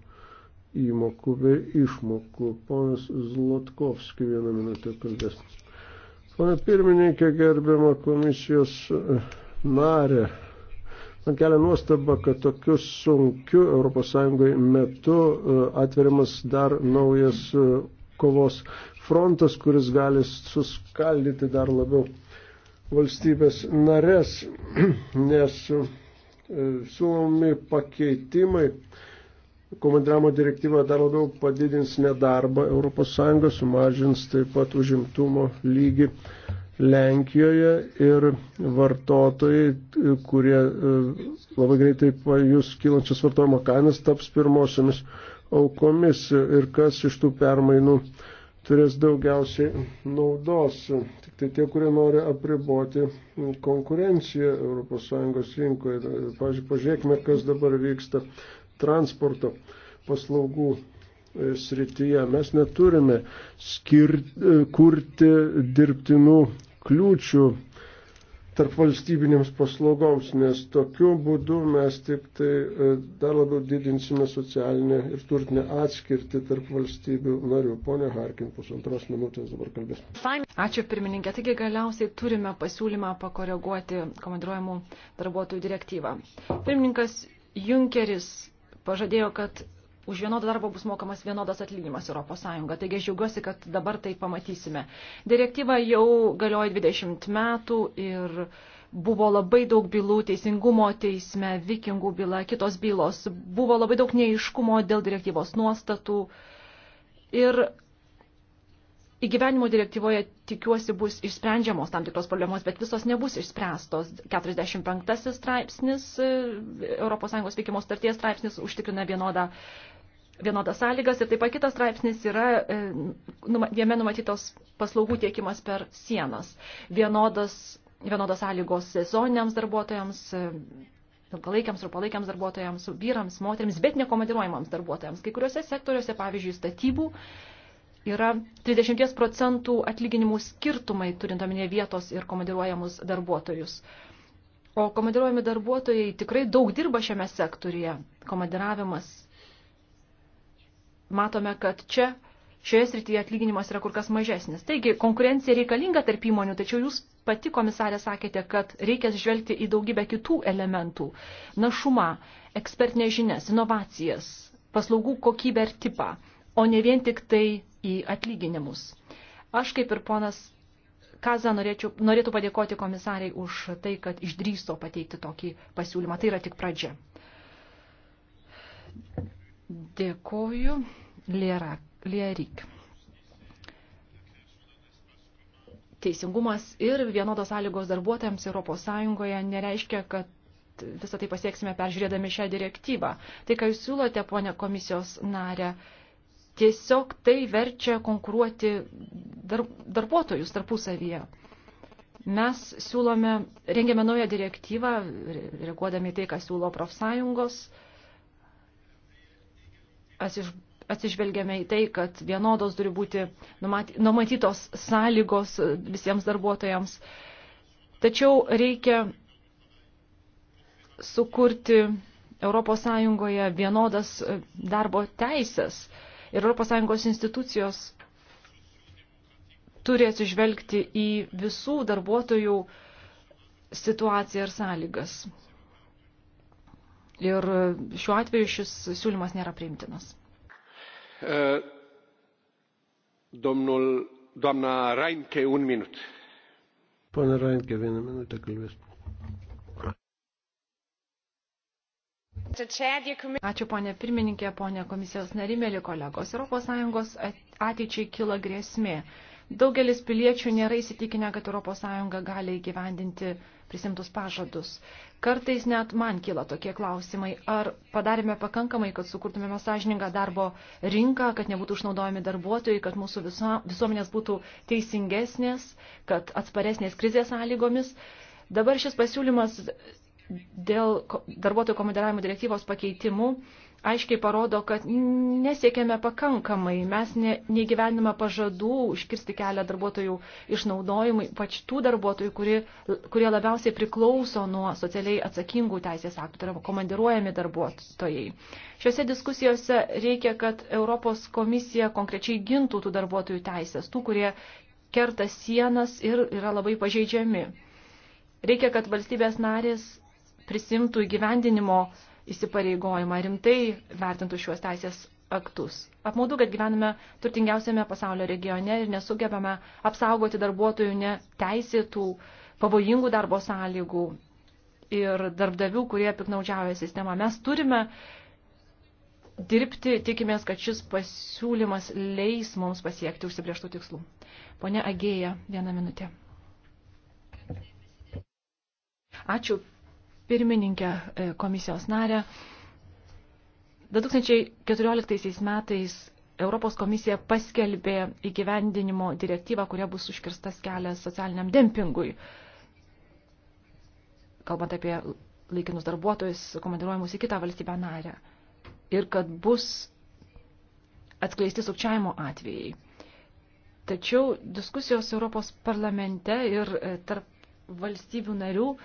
įmokų bei išmokų. Ponas Zlotkovski vieną minutę kalbės. Pane pirmininkė, gerbiama komisijos e, narė. Man kelia nuostaba, kad tokiu sunkiu ES metu e, atveriamas dar naujas e, kovos frontas, kuris gali suskaldyti dar labiau valstybės narės, nes e, siūlomi pakeitimai komandiravimo direktyva dar labiau padidins nedarbą ES, sumažins taip pat užimtumo lygį Lenkijoje ir vartotojai, kurie e, labai greitai pajus kylančias vartojimo kainas, taps pirmosiomis aukomis ir kas iš tų permainų turės daugiausiai naudos. Tik tai tie, kurie nori apriboti konkurenciją ES rinkoje. Pavyzdžiui, pažiūrėkime, kas dabar vyksta transporto paslaugų srityje. Mes neturime skir, kurti dirbtinų kliūčių tarp valstybinėms paslaugoms, nes tokiu būdu mes tik tai e, dar labiau didinsime socialinę ir turtinę atskirtį tarp valstybių narių. Pone Harkin, pusantros minutės dabar kalbės. Ačiū pirmininkė. Taigi galiausiai turime pasiūlymą pakoreguoti komandiruojamų darbuotojų direktyvą. Pirmininkas Junkeris pažadėjo, kad už vienodą darbą bus mokamas vienodas atlyginimas ES. Taigi aš džiaugiuosi, kad dabar tai pamatysime. Direktyva jau galioja 20 metų ir buvo labai daug bylų teisingumo teisme, vikingų byla, kitos bylos. Buvo labai daug neiškumo dėl direktyvos nuostatų. Ir įgyvenimo direktyvoje tikiuosi bus išsprendžiamos tam tikros problemos, bet visos nebus išspręstos. 45 straipsnis, ES veikimo starties straipsnis užtikrina vienodą vienodas sąlygas ir taip pat kitas straipsnis yra, e, jame numatytos paslaugų tiekimas per sienas. Vienodas, vienodas sąlygos sezoniniams darbuotojams, e, ilgalaikiams ir palaikiams darbuotojams, vyrams, moteriams, bet nekomandiruojamams darbuotojams. Kai kuriuose sektoriuose, pavyzdžiui, statybų, yra 30 procentų atlyginimų skirtumai, turint omenyje vietos ir komandiruojamus darbuotojus. O komandiruojami darbuotojai tikrai daug dirba šiame sektorije. Komandiravimas matome, kad čia šioje srityje atlyginimas yra kur kas mažesnis. Taigi, konkurencija reikalinga tarp įmonių, tačiau jūs pati komisarė sakėte, kad reikia žvelgti į daugybę kitų elementų - našumą, ekspertinės žinias, inovacijas, paslaugų kokybę ir tipą, o ne vien tik tai į atlyginimus. Aš kaip ir ponas Kaza norėčiau, norėtų padėkoti komisariai už tai, kad išdrįso pateikti tokį pasiūlymą. Tai yra tik pradžia. Dėkoju. Lierik. Teisingumas ir vienodos sąlygos darbuotojams ES nereiškia, kad visą tai pasieksime peržiūrėdami šią direktyvą. Tai, ką jūs siūlote, ponė komisijos narė, tiesiog tai verčia konkuruoti dar, darbuotojus tarpusavyje. Mes siūlome, rengiame naują direktyvą, reaguodami tai, ką siūlo profsąjungos. Aš iš atsižvelgiame į tai, kad vienodos turi būti numatytos sąlygos visiems darbuotojams. Tačiau reikia sukurti ES vienodas darbo teisės ir ES institucijos turi atsižvelgti į visų darbuotojų situaciją ir sąlygas. Ir šiuo atveju šis siūlymas nėra priimtinas. Domnul, doamna Rainke, un minut. Pone Rainke, vieną minutę kalbės. Ačiū ponė pirmininkė, ponė komisijos narimėlį kolegos. ES ateičiai kila grėsmė. Daugelis piliečių nėra įsitikinę, kad ES gali įgyvendinti prisimtus pažadus. Kartais net man kyla tokie klausimai, ar padarėme pakankamai, kad sukurtumėme sąžiningą darbo rinką, kad nebūtų išnaudojami darbuotojai, kad mūsų viso, visuomenės būtų teisingesnės, kad atsparesnės krizės sąlygomis. Dabar šis pasiūlymas dėl darbuotojų komandiravimo direktyvos pakeitimų aiškiai parodo, kad nesiekėme pakankamai, mes ne, negyvenime pažadų užkirsti kelią darbuotojų išnaudojimui, pač tų darbuotojų, kuri, kurie labiausiai priklauso nuo socialiai atsakingų teisės aktų, tai yra komandiruojami darbuotojai. Šiuose diskusijose reikia, kad Europos komisija konkrečiai gintų tų darbuotojų teisės, tų, kurie kerta sienas ir yra labai pažeidžiami. Reikia, kad valstybės narės prisimtų įgyvendinimo įsipareigojimą rimtai vertintų šiuos teisės aktus. Apmaudu, kad gyvename turtingiausiame pasaulio regione ir nesugebame apsaugoti darbuotojų neteisėtų, pavojingų darbo sąlygų ir darbdavių, kurie piknaudžiauja sistemą. Mes turime dirbti, tikimės, kad šis pasiūlymas leis mums pasiekti užsibrieštų tikslų. Pone Agėja, vieną minutę. Ačiū, pirmininkę, e, komisijos narę. 2014 metais Europos komisija paskelbė įgyvendinimo direktyvą, kuria bus užkirstas kelias socialiniam dempingui. Kalbant apie laikinus darbuotojus komandiruojamus į kitą valstybę narę. Ir kad bus atskleisti sukčiavimo atvejai. Tačiau diskusijos Europos parlamente ir e, tarp valstybių narių uh,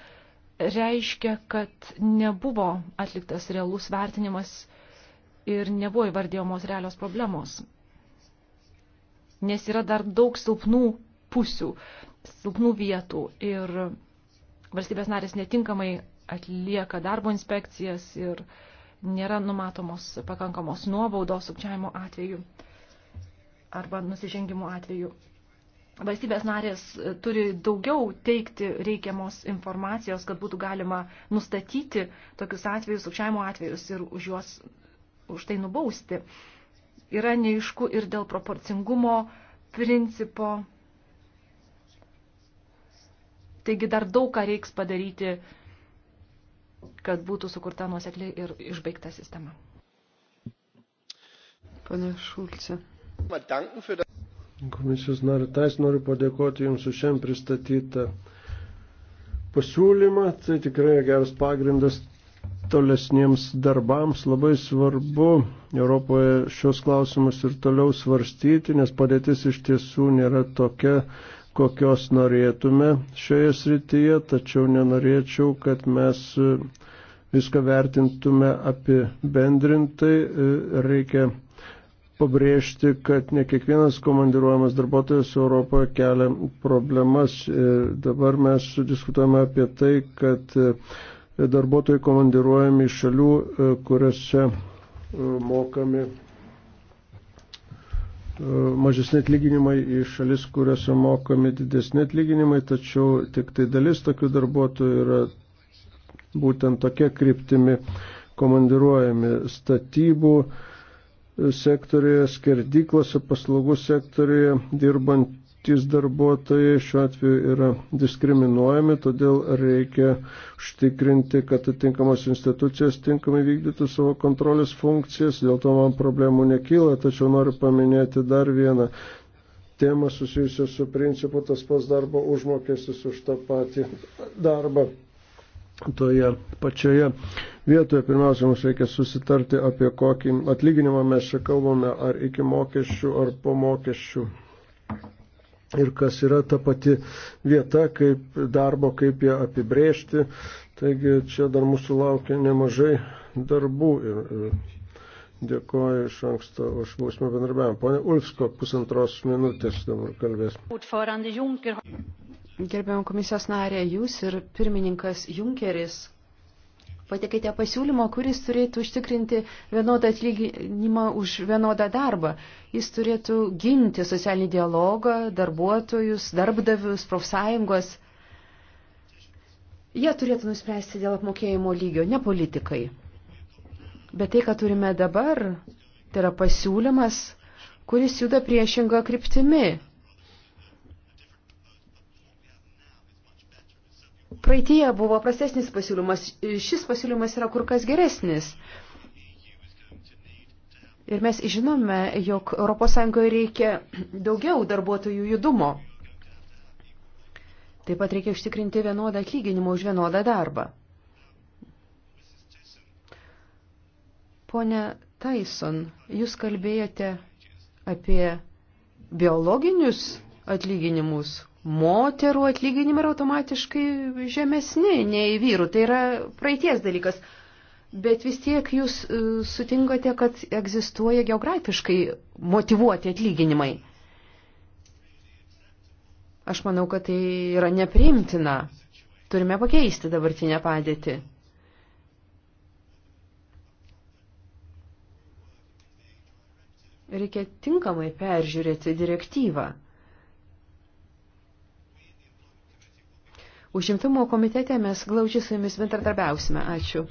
reiškia, kad nebuvo atliktas realus vertinimas ir nebuvo įvardėjamos realios problemos. Nes yra dar daug silpnų pusių, silpnų vietų ir valstybės narės netinkamai atlieka darbo inspekcijas ir nėra numatomos pakankamos nuobaudos sukčiavimo atveju arba nusižengimo atveju valstybės narės e, turi daugiau teikti reikiamos informacijos, kad būtų galima nustatyti tokius atvejus, sukčiavimo atvejus ir už juos už tai nubausti. Yra neišku ir dėl proporcingumo principo. Taigi dar daug ką reiks padaryti, kad būtų sukurta nuosekli ir išbaigta sistema. Pane Šulce. Komisijos nariu Tais noriu padėkoti Jums už šiandien pristatytą pasiūlymą. Tai tikrai geras pagrindas tolesniems darbams. Labai svarbu Europoje šios klausimus ir toliau svarstyti, nes padėtis iš tiesų nėra tokia, kokios norėtume šioje srityje, tačiau nenorėčiau, kad mes e, viską vertintume apibendrintai. E, reikia pabrėžti, kad ne kiekvienas komandiruojamas darbuotojas Europoje kelia problemas. Ir dabar mes diskutuojame apie tai, kad e, darbuotojai komandiruojami iš šalių, e, kuriuose e, mokami mažesni atlyginimai į šalis, kuriuose mokami didesni atlyginimai, tačiau tik tai dalis tokių darbuotojų yra būtent tokia kryptimi komandiruojami statybų sektorėje, skerdyklose, paslaugų sektorėje dirbantis darbuotojai šiuo atveju yra diskriminuojami, todėl reikia užtikrinti, kad atitinkamos institucijos tinkamai vykdytų savo kontrolės funkcijas, dėl to man problemų nekyla, tačiau noriu paminėti dar vieną temą susijusią su principu tas pats darbo užmokestis už tą patį darbą toje pačioje vietoje. Pirmiausia, mums reikia susitarti apie kokį atlyginimą mes čia kalbame, ar iki mokesčių, ar po mokesčių. Ir kas yra ta pati vieta, kaip darbo, kaip ją apibrėžti. Taigi čia dar mūsų laukia nemažai darbų ir, ir dėkoju iš anksto už būsimą bendrabiavimą. Pone Ulfsko, pusantros minutės dabar kalbės. Gerbiam komisijos narė, jūs ir pirmininkas Junkeris patekite pasiūlymo, kuris turėtų užtikrinti vienodą atlyginimą už vienodą darbą. Jis turėtų ginti socialinį dialogą, darbuotojus, darbdavius, profsąjungos. Jie turėtų nuspręsti dėl apmokėjimo lygio, ne politikai. Bet tai, ką turime dabar, tai yra pasiūlymas, kuris juda priešinga kryptimi Praeitie buvo prastesnis pasiūlymas, šis pasiūlymas yra kur kas geresnis. Ir mes žinome, jog ES reikia daugiau darbuotojų judumo. Taip pat reikia užtikrinti vienodą atlyginimą už vienodą darbą. Pone Tyson, jūs kalbėjote apie biologinius atlyginimus, moterų atlyginimai yra automatiškai žemesni nei vyrų. Tai yra praeities dalykas. Bet vis tiek jūs e, sutinkote, kad egzistuoja geografiškai motivuoti atlyginimai. Aš manau, kad tai yra nepriimtina. Turime pakeisti dabartinę padėtį. Reikia tinkamai peržiūrėti direktyvą. Užimtumo komitete mes glaučiai su jumis bendradarbiausime. Ačiū.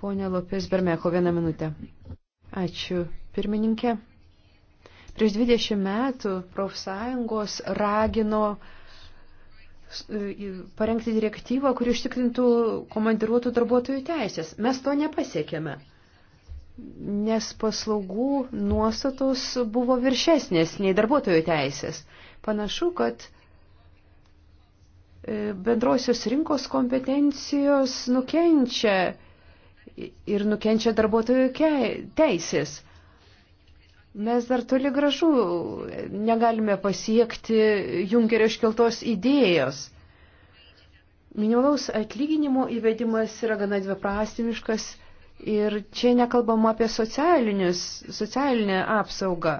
Pone Lopės Bermeko, vieną minutę. Ačiū, pirmininkė. Prieš 20 metų profsąjungos ragino e, parengti direktyvą, kuri užtikrintų komandiruotų darbuotojų teisės. Mes to nepasiekėme, nes paslaugų nuostatos buvo viršesnės nei darbuotojų teisės. Panašu, kad E, bendrosios rinkos kompetencijos nukenčia ir nukenčia darbuotojų teisės. Mes dar toli gražu negalime pasiekti Junkerio iškeltos idėjos. Minimalaus atlyginimo įvedimas yra gana dviprastimiškas ir čia nekalbama apie socialinę apsaugą.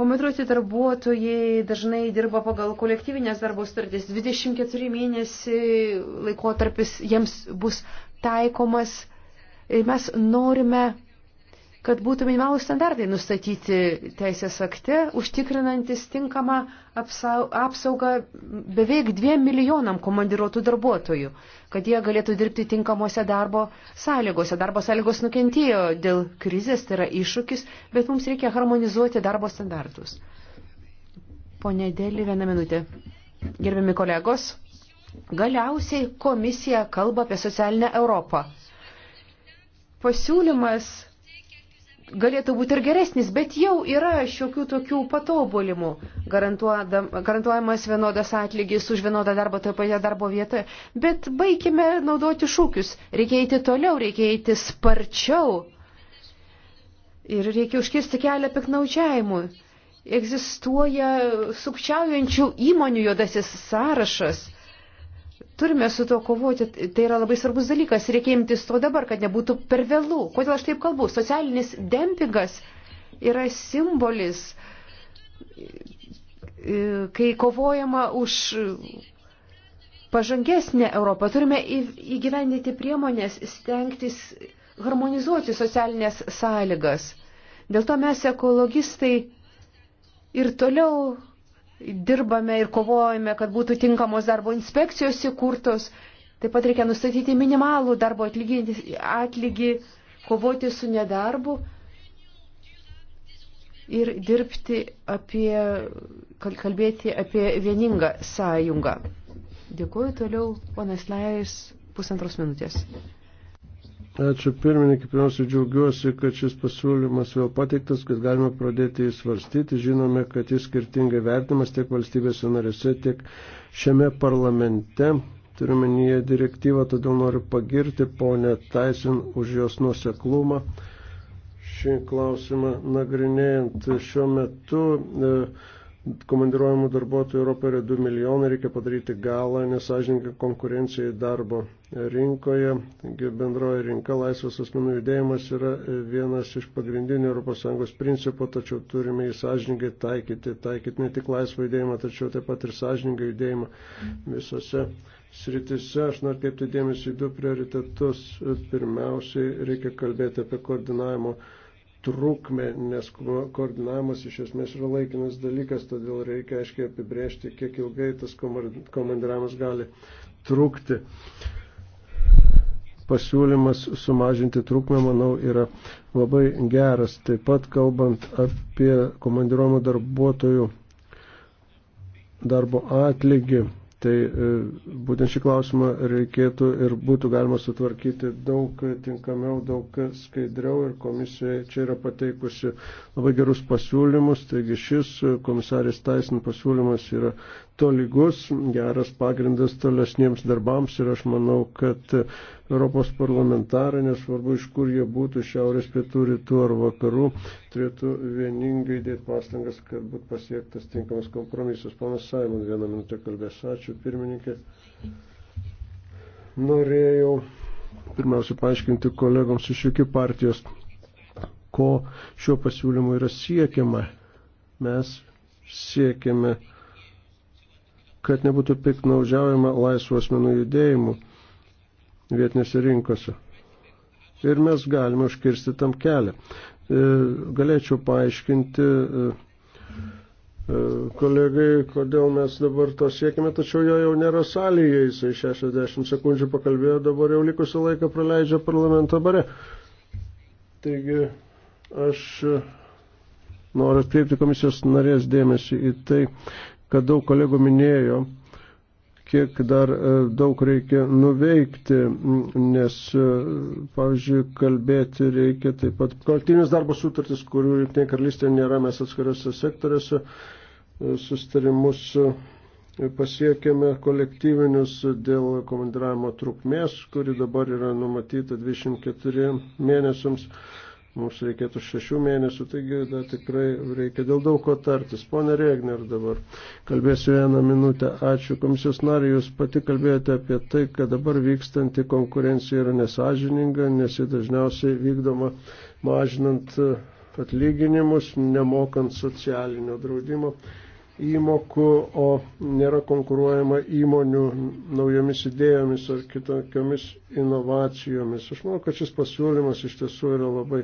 Komitruoti darbuotojai dažnai dirba pagal kolektyvinės darbo sutartys. 24 mėnesiai laikotarpis jiems bus taikomas. Ir mes norime kad būtų minimalų standartai nustatyti teisės akte, užtikrinantis tinkamą apsaugą beveik dviem milijonam komandiruotų darbuotojų, kad jie galėtų dirbti tinkamuose darbo sąlygose. Darbo sąlygos nukentėjo dėl krizės, tai yra iššūkis, bet mums reikia harmonizuoti darbo standartus. Pone Dėlį, vieną minutę. Gerbiami kolegos, galiausiai komisija kalba apie socialinę Europą. Pasiūlymas galėtų būti ir geresnis, bet jau yra šiokių tokių patobulimų. Garantuojamas vienodas atlygis už vienodą darbą toje pačioje darbo vietoje. Bet baigime naudoti šūkius. Reikia eiti toliau, reikia eiti sparčiau. Ir reikia užkirsti kelią piknaučiajimui. Egzistuoja sukčiaujančių įmonių juodasis sąrašas Turime su to kovoti, tai yra labai svarbus dalykas, reikia imtis to dabar, kad nebūtų per vėlų. Kodėl aš taip kalbu? Socialinis dempingas yra simbolis, e, kai kovojama už pažangesnę Europą. Turime įgyvendyti priemonės, stengtis harmonizuoti socialinės sąlygas. Dėl to mes ekologistai ir toliau dirbame ir kovojame, kad būtų tinkamos darbo inspekcijos įkurtos. Taip pat reikia nustatyti minimalų darbo atlygį, atlygį kovoti su nedarbu ir dirbti apie, kalbėti apie vieningą sąjungą. Dėkuoju toliau, ponas Leis, pusantros minutės. Ačiū pirmininkai, pirmiausia džiaugiuosi, kad šis pasiūlymas vėl pateiktas, kad galima pradėti jį svarstyti. Žinome, kad jis skirtingai vertimas tiek valstybėse narėse, tiek šiame parlamente. Turiuomenyje direktyvą, todėl noriu pagirti ponę Taisin už jos nuoseklumą. Šį klausimą nagrinėjant šiuo metu. E, komandiruojamų darbuotojų Europoje yra 2 milijonai, reikia padaryti galą nesažininkai konkurencijai darbo rinkoje. Taigi bendroji rinka, laisvas asmenų judėjimas yra vienas iš pagrindinių ES principų, tačiau turime jį sažininkai taikyti, taikyti ne tik laisvą judėjimą, tačiau taip pat ir sažininkai judėjimą visose. Sritise aš noriu kaip tai dėmesį į du prioritetus. Pirmiausiai reikia kalbėti apie koordinavimo trukmę, nes koordinavimas iš esmės yra laikinas dalykas, todėl reikia aiškiai apibrėžti, kiek ilgai tas komandiravimas gali trukti. Pasiūlymas sumažinti trukmę, manau, yra labai geras. Taip pat kalbant apie komandiruomų darbuotojų darbo atlygį, Tai e, būtent šį klausimą reikėtų ir būtų galima sutvarkyti daug tinkamiau, daug skaidriau ir komisija čia yra pateikusi labai gerus pasiūlymus. Taigi šis komisarės Taisin pasiūlymas yra tolygus, geras pagrindas tolesniems darbams ir aš manau, kad Europos parlamentarai, nesvarbu iš kur jie būtų, šiaurės, pietų, rytų ar vakarų, turėtų vieningai dėti pastangas, kad būtų pasiektas tinkamas kompromisas. Panas Saimon vieną minutę kalbės. Ačiū, pirmininkė. Norėjau pirmiausia paaiškinti kolegoms iš jokių partijos, ko šiuo pasiūlymu yra siekiama. Mes siekiame, kad nebūtų piknaudžiaujama laisvo asmenų judėjimu vietinėse rinkose. Ir mes galime užkirsti tam kelią. E, galėčiau paaiškinti e, e, kolegai, kodėl mes dabar to siekime, tačiau jo jau nėra salėje, jisai 60 sekundžių pakalbėjo, dabar jau likusią laiką praleidžia parlamento bare. Taigi aš noriu atkreipti komisijos narės dėmesį į tai, kad daug kolegų minėjo, kiek dar e, daug reikia nuveikti, nes, e, pavyzdžiui, kalbėti reikia taip pat kolektyvinės darbo sutartys, kurių Junktinė karalystė nėra, mes atskiriuose sektoriuose e, sustarimus pasiekėme kolektyvinius dėl komandiravimo trukmės, kuri dabar yra numatyta 24 mėnesiams mums reikėtų šešių mėnesių, taigi dar tikrai reikia dėl daug ko tartis. Pone Regner dabar, kalbėsiu vieną minutę. Ačiū komisijos nariai, jūs pati kalbėjote apie tai, kad dabar vykstanti konkurencija yra nesažininga, nes ji dažniausiai vykdoma mažinant atlyginimus, nemokant socialinio draudimo įmokų, o nėra konkuruojama įmonių naujomis idėjomis ar kitokiamis inovacijomis. Aš manau, kad šis pasiūlymas iš tiesų yra labai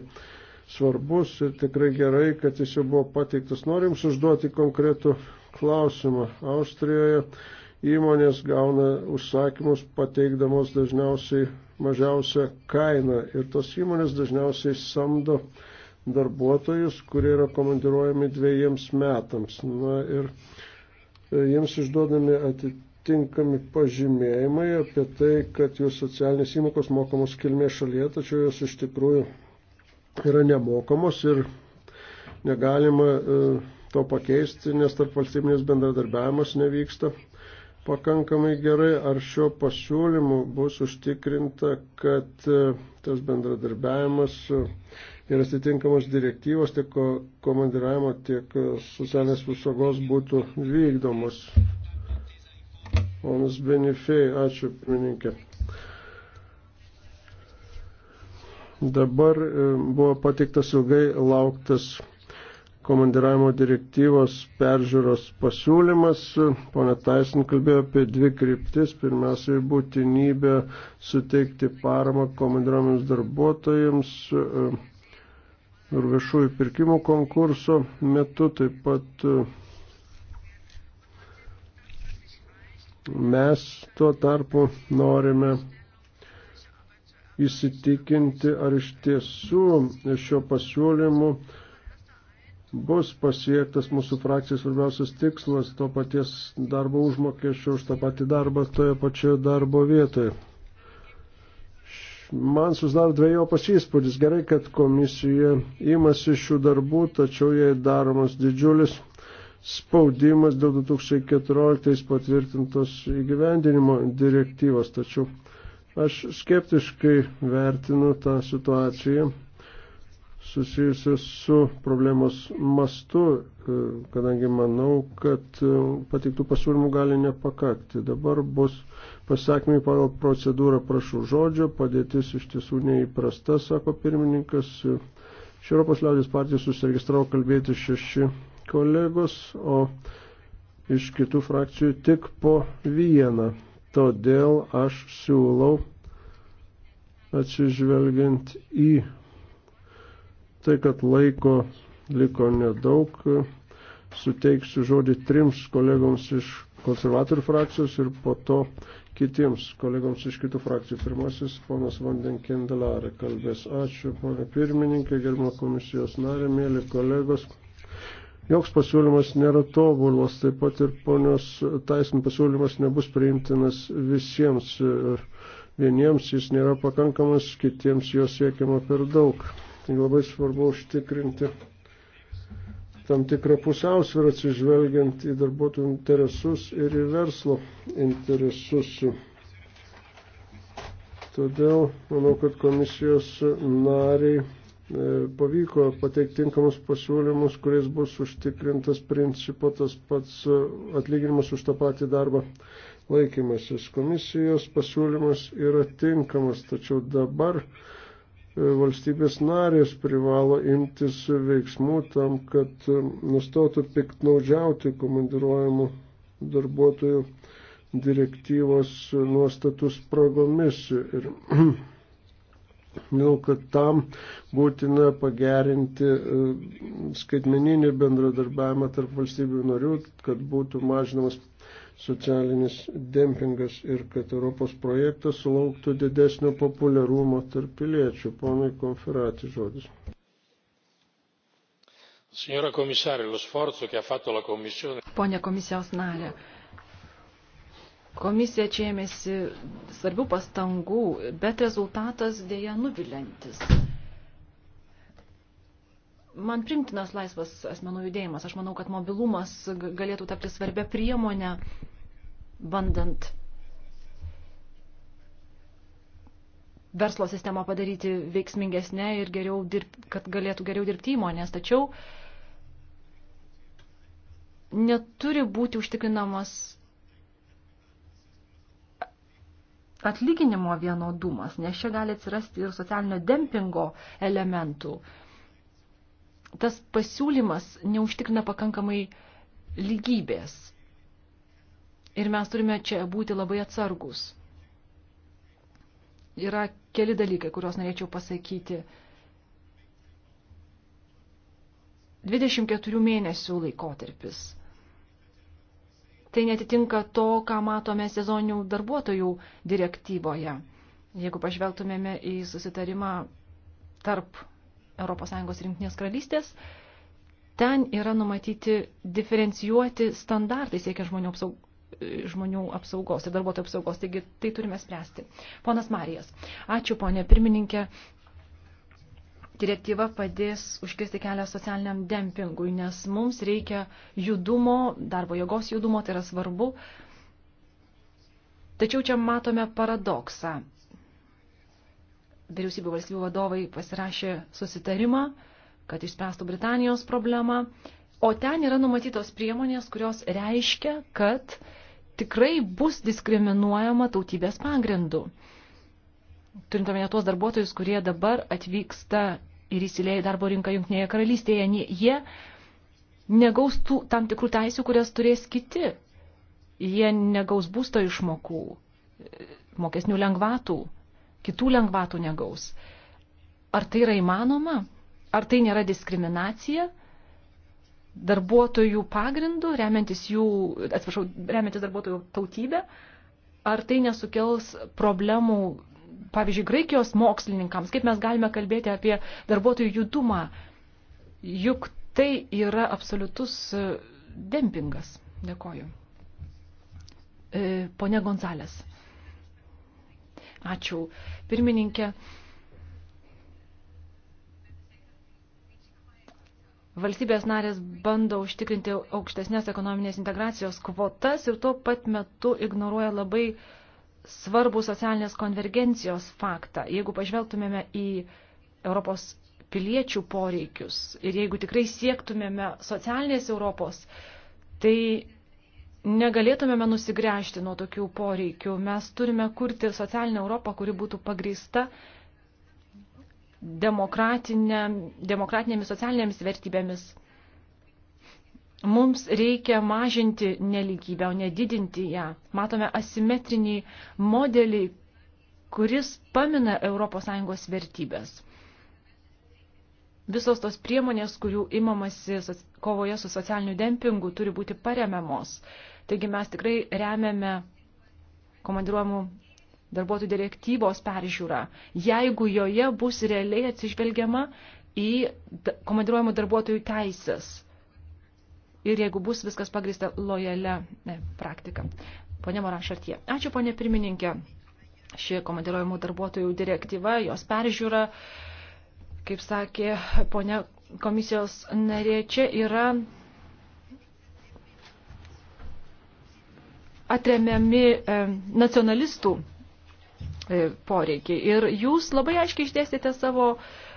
svarbus ir tikrai gerai, kad jis jau buvo pateiktas. Norim užduoti konkretų klausimą. Austrijoje įmonės gauna užsakymus pateikdamos dažniausiai mažiausią kainą ir tos įmonės dažniausiai samdo darbuotojus, kurie yra komandiruojami dviejiems metams. Na ir e, jiems išduodami atitinkami pažymėjimai apie tai, kad jų socialinės įmokos mokamos kilmės šalyje, tačiau jos iš tikrųjų yra nemokamos ir negalima e, to pakeisti, nes tarp valstybinis bendradarbiavimas nevyksta pakankamai gerai, ar šiuo pasiūlymu bus užtikrinta, kad e, tas bendradarbiavimas ir atitinkamos direktyvos tiek komandiravimo, tiek e, socialinės visogos būtų vykdomos. Ponas Benifei, ačiū, pirmininkė. Dabar e, buvo patiktas ilgai lauktas komandiravimo direktyvos peržiūros pasiūlymas. Pone Taisin kalbėjo apie dvi kryptis. Pirmiausia, būtinybė suteikti paramą komandiravimams darbuotojams e, ir viešųjų pirkimų konkurso metu taip pat e, mes tuo tarpu norime įsitikinti, ar iš tiesų šio pasiūlymu bus pasiektas mūsų frakcijos svarbiausias tikslas to paties darbo užmokesčio už tą patį darbą toje pačioje darbo vietoje. Man susidaro dviejopas įspūdis. Gerai, kad komisija imasi šių darbų, tačiau jai daromas didžiulis spaudimas dėl 2014 patvirtintos įgyvendinimo direktyvos. Tačiau aš skeptiškai vertinu tą situaciją susijusius su problemos mastu, kadangi manau, kad patiktų pasiūlymų gali nepakakti. Dabar bus pasakymai pagal procedūrą prašau žodžio, padėtis iš tiesų neįprasta, sako pirmininkas. Iš Europos liaudės partijos užsiregistravo kalbėti šeši kolegos, o iš kitų frakcijų tik po vieną. Todėl aš siūlau atsižvelgiant į tai, kad laiko liko nedaug, suteiksiu žodį trims kolegoms iš konservatorių frakcijos ir po to kitiems kolegoms iš kitų frakcijų. Pirmasis ponas Vandenkendelarė kalbės. Ačiū, ponė pirmininkė, gerbimo komisijos narė, mėly kolegos. Joks pasiūlymas nėra tobulas, taip pat ir ponios Taisin pasiūlymas nebus priimtinas visiems. Vieniems jis nėra pakankamas, kitiems jo siekiama per daug. Tai labai svarbu užtikrinti tam tikrą pusiausvyrą atsižvelgiant į darbuotojų interesus ir į verslo interesus. Todėl manau, kad komisijos nariai e, pavyko pateikti tinkamus pasiūlymus, kuriais bus užtikrintas principo tas pats e, atlyginimas už tą patį darbą laikymasis. Komisijos pasiūlymas yra tinkamas, tačiau dabar valstybės narės privalo imtis veiksmų tam, kad nustotų piktnaudžiauti komandiruojamų darbuotojų direktyvos nuostatų spragomis. Ir manau, kad tam būtina pagerinti e, skaitmeninį bendradarbiavimą tarp valstybių narių, kad būtų mažinamas socialinis dempingas ir kad Europos projektas sulauktų didesnio populiarumo tarp piliečių. Ponai Konferati žodis. Signora komisarė, lo sforzo che ha fatto la Commissione. Pone komisijos narė, komisija čia ėmėsi svarbių pastangų, bet rezultatas dėja nuvilintis man primtinas laisvas asmenų judėjimas. Aš manau, kad mobilumas galėtų tapti svarbia priemonė, bandant verslo sistemą padaryti veiksmingesnė ir geriau dirb, kad galėtų geriau dirbti įmonės. Tačiau neturi būti užtikrinamas atlyginimo vienodumas, nes čia gali atsirasti ir socialinio dempingo elementų. Uh, tas pasiūlymas neužtikrina pakankamai lygybės. Ir mes turime čia būti labai atsargus. Yra keli dalykai, kuriuos norėčiau pasakyti. 24 mėnesių laikotarpis. Tai netitinka to, ką matome sezoninių darbuotojų direktyvoje. Jeigu pažvelgtumėme į susitarimą tarp ES rinktinės karalystės, ten yra numatyti diferencijuoti standartai siekia žmonių, apsaug, žmonių apsaugos ir darbuotojų apsaugos. Taigi tai turime spręsti. Ponas Marijas. Ačiū, ponė pirmininkė. Direktyva padės užkirsti kelią socialiniam dempingui, nes mums reikia judumo, darbo jėgos judumo, tai yra svarbu. Tačiau čia matome paradoksą vyriausybių valstybių vadovai pasirašė susitarimą, kad išspręstų Britanijos problemą, o ten yra numatytos priemonės, kurios reiškia, kad tikrai bus diskriminuojama tautybės pagrindu. Turint omenyje tuos darbuotojus, kurie dabar atvyksta ir įsilieja darbo rinką Junktinėje karalystėje, jie negaus tų tam tikrų teisių, kurias turės kiti. Jie negaus būsto išmokų, mokesnių lengvatų kitų lengvatų negaus. Ar tai yra įmanoma? Ar tai nėra diskriminacija? Darbuotojų pagrindų, remiantis jų, atsiprašau, remiantis darbuotojų tautybę, ar tai nesukels problemų, pavyzdžiui, Graikijos mokslininkams, kaip mes galime kalbėti apie darbuotojų judumą, juk tai yra absoliutus e, dempingas. Dėkoju. E, Pone Gonzalės. Ačiū, pirmininkė. Valstybės narės bando užtikrinti aukštesnės ekonominės integracijos kvotas ir tuo pat metu ignoruoja labai svarbų socialinės konvergencijos faktą. Jeigu pažvelgtumėme į Europos piliečių poreikius ir jeigu tikrai siektumėme socialinės Europos, tai negalėtumėme nusigręžti nuo tokių poreikių. Mes turime kurti socialinę Europą, kuri būtų pagrįsta demokratinėmis socialinėmis vertybėmis. Mums reikia mažinti neligybę, o nedidinti ją. Matome asimetrinį modelį, kuris pamina ES vertybės visos tos priemonės, kurių imamasi kovoje su socialiniu dempingu, turi būti paremiamos. Taigi mes tikrai remiame komandiruojamų darbuotojų direktyvos peržiūrą, jeigu joje bus realiai atsižvelgiama į komandiruojamų darbuotojų teisės ir jeigu bus viskas pagrįsta lojalia ne, praktika. Pone Morašartie. Ačiū, ponė pirmininkė. Ši komandiruojamų darbuotojų direktyva, jos peržiūra. Uh, kaip sakė ponia komisijos narė, čia yra atremiami e, nacionalistų e, poreikiai. Ir jūs labai aiškiai išdėstėte savo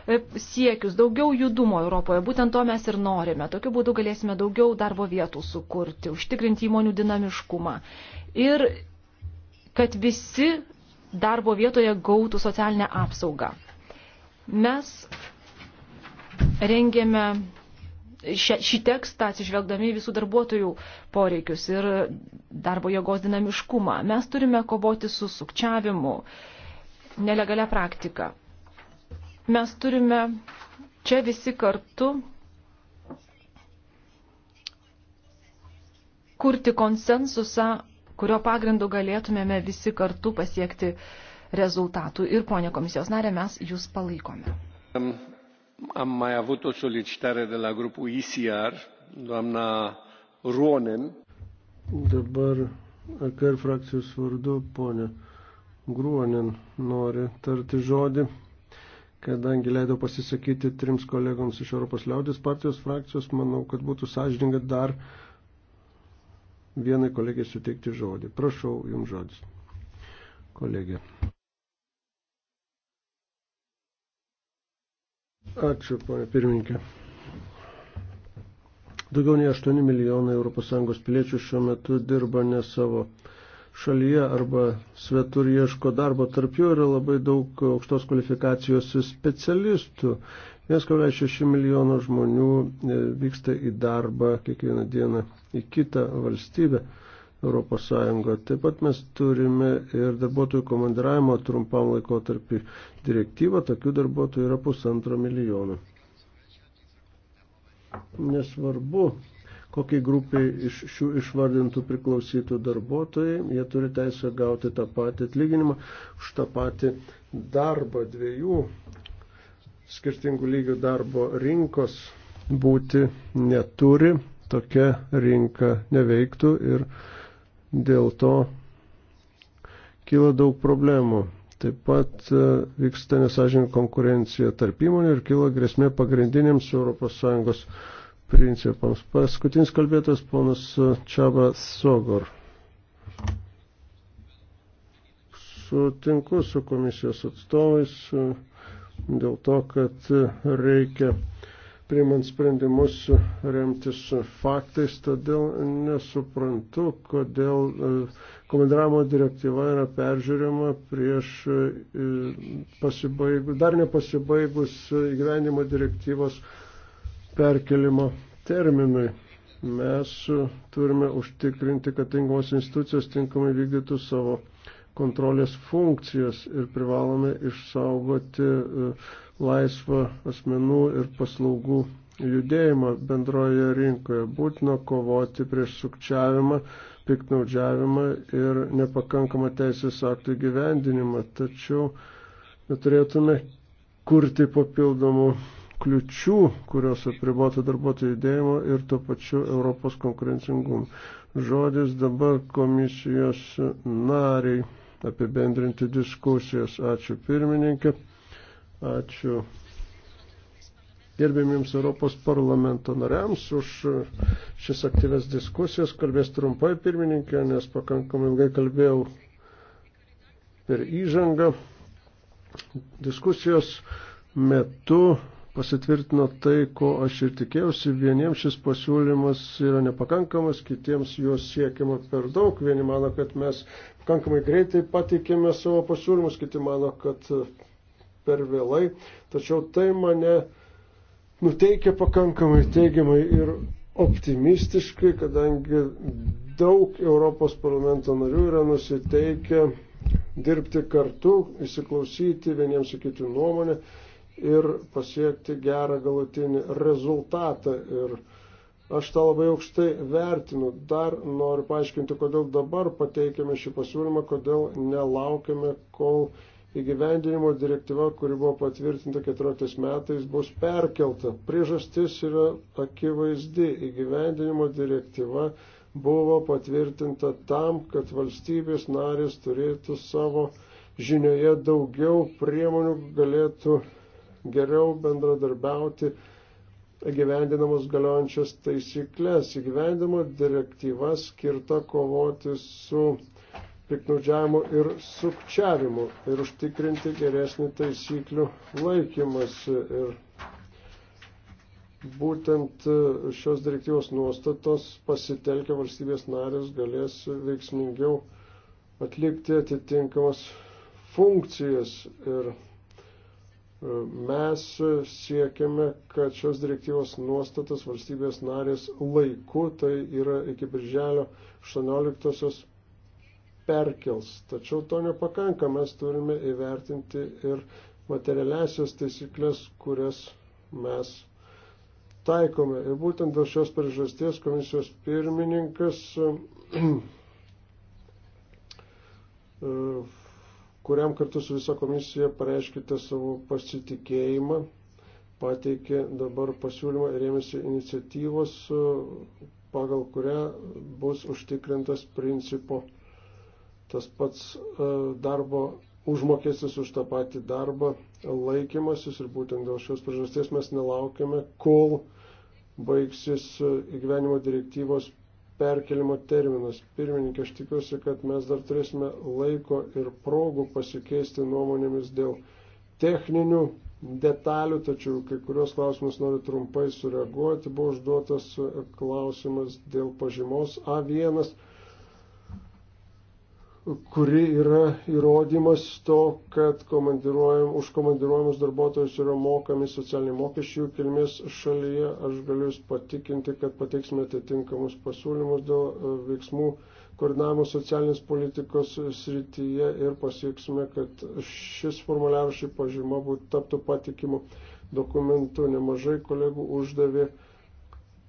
e, siekius, daugiau judumo Europoje. Būtent to mes ir norime. Tokiu būdu galėsime daugiau darbo vietų sukurti, užtikrinti įmonių dinamiškumą. Ir kad visi darbo vietoje gautų socialinę apsaugą. Mes rengėme šį, šį tekstą atsižvelgdami į visų darbuotojų poreikius ir darbo jėgos dinamiškumą. Mes turime kovoti su sukčiavimu, nelegalia praktika. Mes turime čia visi kartu kurti konsensusą, kurio pagrindu galėtumėme visi kartu pasiekti uh, rezultatų. Ir, ponė komisijos narė, mes jūs palaikome. Am mai avut o solicitare de la grupul ICR, e doamna Ruonen. Dabar AKR frakcijos vardu, ponė Gruonen, nori tarti žodį kadangi leidau pasisakyti trims kolegoms iš Europos liaudės partijos frakcijos, manau, kad būtų sąžininga dar vienai kolegiai suteikti žodį. Prašau, jums žodis. Kolegė. Ačiū, ponė pirmininkė. Daugiau nei 8 milijonai ES piliečių šiuo metu dirba ne savo šalyje arba svetur ieško darbo. Tarp jų yra labai daug aukštos kvalifikacijos specialistų. 1,6 milijono žmonių e, vyksta į darbą kiekvieną dieną į kitą valstybę. Europos Sąjunga. Taip pat mes turime ir darbuotojų komandiravimo trumpam laikotarpį direktyvą, tokių darbuotojų yra pusantro milijono. Nesvarbu, kokiai grupiai iš šių išvardintų priklausytų darbuotojai, jie turi teisę gauti tą patį atlyginimą už tą patį darbą dviejų skirtingų lygių darbo rinkos būti neturi, tokia rinka neveiktų ir dėl to kyla daug problemų. Taip pat e, vyksta nesažinė konkurencija tarp įmonių ir kyla grėsmė pagrindiniams ES principams. Paskutinis kalbėtas ponas e, Čiaba Sogor. Sutinku su komisijos atstovais e, dėl to, kad reikia priimant sprendimus remtis faktais, todėl nesuprantu, kodėl e, komandiravimo direktyva yra peržiūrima prieš e, pasibaigus, dar nepasibaigus įgyvenimo direktyvos perkelimo terminui. Mes turime užtikrinti, kad tinkamos institucijos tinkamai vykdytų savo kontrolės funkcijas ir privalome išsaugoti uh, laisvą asmenų ir paslaugų judėjimą bendroje rinkoje. Būtina kovoti prieš sukčiavimą, piknaudžiavimą ir nepakankamą teisės aktų gyvendinimą, tačiau neturėtume kurti papildomų kliučių, kurios apribotų darbuotojų judėjimo ir tuo pačiu Europos konkurencingumą. Žodis dabar komisijos nariai apibendrinti diskusijas. Ačiū pirmininkė. Ačiū gerbėmiems Europos parlamento nariams už šis aktyves diskusijas. Kalbės trumpai pirmininkė, nes pakankamai ilgai kalbėjau per įžangą. Diskusijos metu pasitvirtino tai, ko aš ir tikėjausi. Vieniems šis pasiūlymas yra nepakankamas, kitiems juos siekiama per daug. Vieni mano, kad mes pakankamai greitai pateikėme savo pasiūlymus, kiti mano, kad per vėlai, tačiau tai mane nuteikia pakankamai teigiamai ir optimistiškai, kadangi daug Europos parlamento narių yra nusiteikę dirbti kartu, įsiklausyti vieniems į kitų nuomonę ir pasiekti gerą galutinį rezultatą. Ir aš tą labai aukštai vertinu. Dar noriu paaiškinti, kodėl dabar pateikėme šį pasiūlymą, kodėl nelaukėme, kol įgyvendinimo direktyva, kuri buvo patvirtinta 14 metais, bus perkelta. Priežastis yra akivaizdi. Įgyvendinimo direktyva buvo patvirtinta tam, kad valstybės narės turėtų savo žinioje daugiau priemonių, galėtų geriau bendradarbiauti gyvendinamos galiojančias taisyklės. Įgyvendimo direktyva skirta kovoti su piknaudžiavimu ir sukčiavimu ir užtikrinti geresnį taisyklių laikymasi. Ir būtent e, šios direktyvos nuostatos pasitelkę valstybės narės galės veiksmingiau atlikti atitinkamas funkcijas. Ir e, mes siekiame, kad šios direktyvos nuostatas valstybės narės laiku, tai yra iki birželio 18 perkels. Tačiau to nepakanka, mes turime įvertinti ir materialiasios taisyklės, kurias mes taikome. Ir būtent dėl šios priežasties komisijos pirmininkas, kuriam kartu su visa komisija pareiškite savo pasitikėjimą, pateikė dabar pasiūlymą ir ėmėsi iniciatyvos, pagal kurią bus užtikrintas principo tas pats e, darbo užmokestis už tą patį darbą laikymasis ir būtent dėl šios priežasties mes nelaukiame, kol baigsis e, įgyvenimo direktyvos perkelimo terminas. Pirmininkė, aš tikiuosi, kad mes dar turėsime laiko ir progų pasikeisti nuomonėmis dėl techninių detalių, tačiau kai kurios klausimus noriu trumpai sureaguoti. Buvo užduotas klausimas dėl pažymos A1 kuri yra įrodymas to, kad komandiruojam, už komandiruojamus darbuotojus yra mokami socialiniai mokesčiai jų kilmės šalyje. Aš galiu Jūs patikinti, kad pateiksime atitinkamus pasiūlymus dėl e, veiksmų koordinavimo socialinės politikos srityje ir pasieksime, kad šis formuliavimas, ši pažyma būtų taptų patikimu dokumentu. Nemažai kolegų uždavė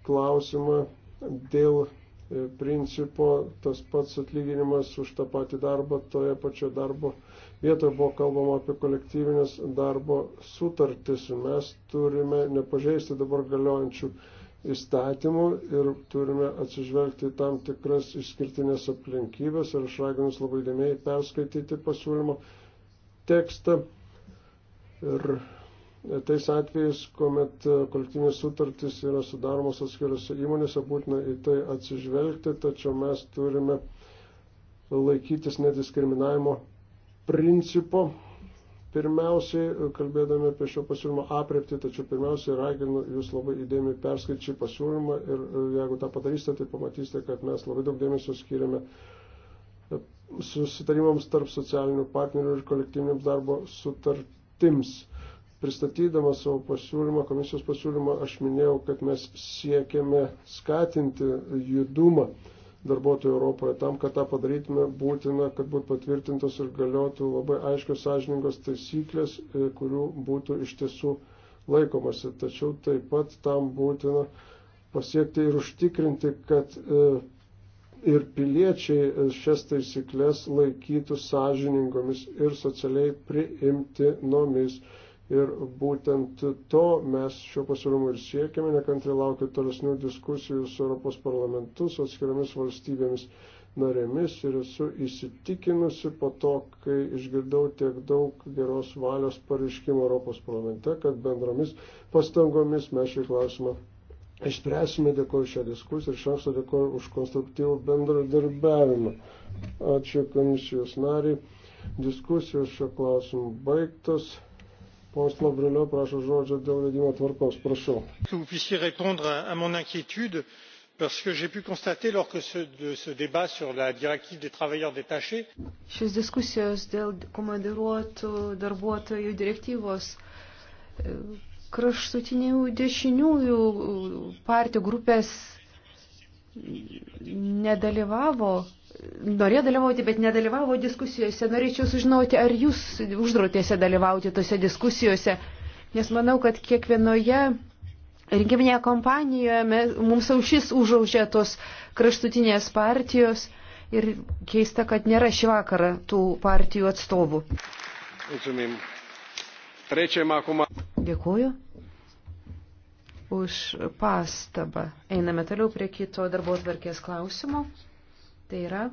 klausimą dėl E, principo tas pats atlyginimas už tą patį darbą toje pačioje darbo vietoje buvo kalbama apie kolektyvinės darbo sutartis. Mes turime nepažeisti dabar galiojančių įstatymų ir turime atsižvelgti tam tikras išskirtinės aplinkybės ir aš raginus labai dėmiai perskaityti pasiūlymo tekstą. Ir tais atvejais, kuomet e, kolektyvinės sutartys yra sudaromos atskiriuose įmonėse, būtina į tai atsižvelgti, tačiau mes turime laikytis nediskriminavimo principo. Pirmiausiai, e, kalbėdami apie šio pasiūlymo apriepti, tačiau pirmiausiai raginu jūs labai įdėmiai perskaičiai pasiūlymą ir e, jeigu tą padarysite, tai pamatysite, kad mes labai daug dėmesio skiriame susitarimams tarp socialinių partnerių ir kolektyvinėms darbo sutartims. Pristatydama savo pasiūlymą, komisijos pasiūlymą, aš minėjau, kad mes siekiame skatinti judumą darbuotojų Europoje. Tam, kad tą padarytume, būtina, kad būtų patvirtintos ir galiotų labai aiškios sąžiningos taisyklės, e, kurių būtų iš tiesų laikomasi. Tačiau taip pat tam būtina pasiekti ir užtikrinti, kad e, ir piliečiai e, šias taisyklės laikytų sąžiningomis ir socialiai priimtinomis. Ir būtent to mes šio pasiūlymu ir siekiame, nekantri laukiu tolesnių diskusijų su Europos parlamentu, su atskiriamis valstybėmis narėmis ir esu įsitikinusi po to, kai išgirdau tiek daug geros valios pareiškimų Europos parlamente, kad bendromis pastangomis mes šį klausimą išspręsime. Dėkuoju šią diskusiją ir šiandien dėkuoju už konstruktyvų bendradarbiavimą. Ačiū komisijos nariai. Diskusijos šio klausimu baigtos. Ponas Labrulio prašo žodžio dėl vedimo tvarkos. Prašau. Parce que j'ai pu constater lors que ce, de ce débat sur la directive des travailleurs détachés. Šios diskusijos dėl komandiruotų darbuotojų direktyvos e, kraštutinių dešiniųjų partijų grupės nedalyvavo norėjo dalyvauti, bet nedalyvavo diskusijose. Norėčiau sužinoti, ar jūs uždrautėse dalyvauti tose diskusijose, nes manau, kad kiekvienoje rinkiminėje kompanijoje mums aušis užaužė tos kraštutinės partijos ir keista, kad nėra šį vakarą tų partijų atstovų. Dėkuoju už pastabą. Einame toliau prie kito darbo tvarkės klausimo. Tai yra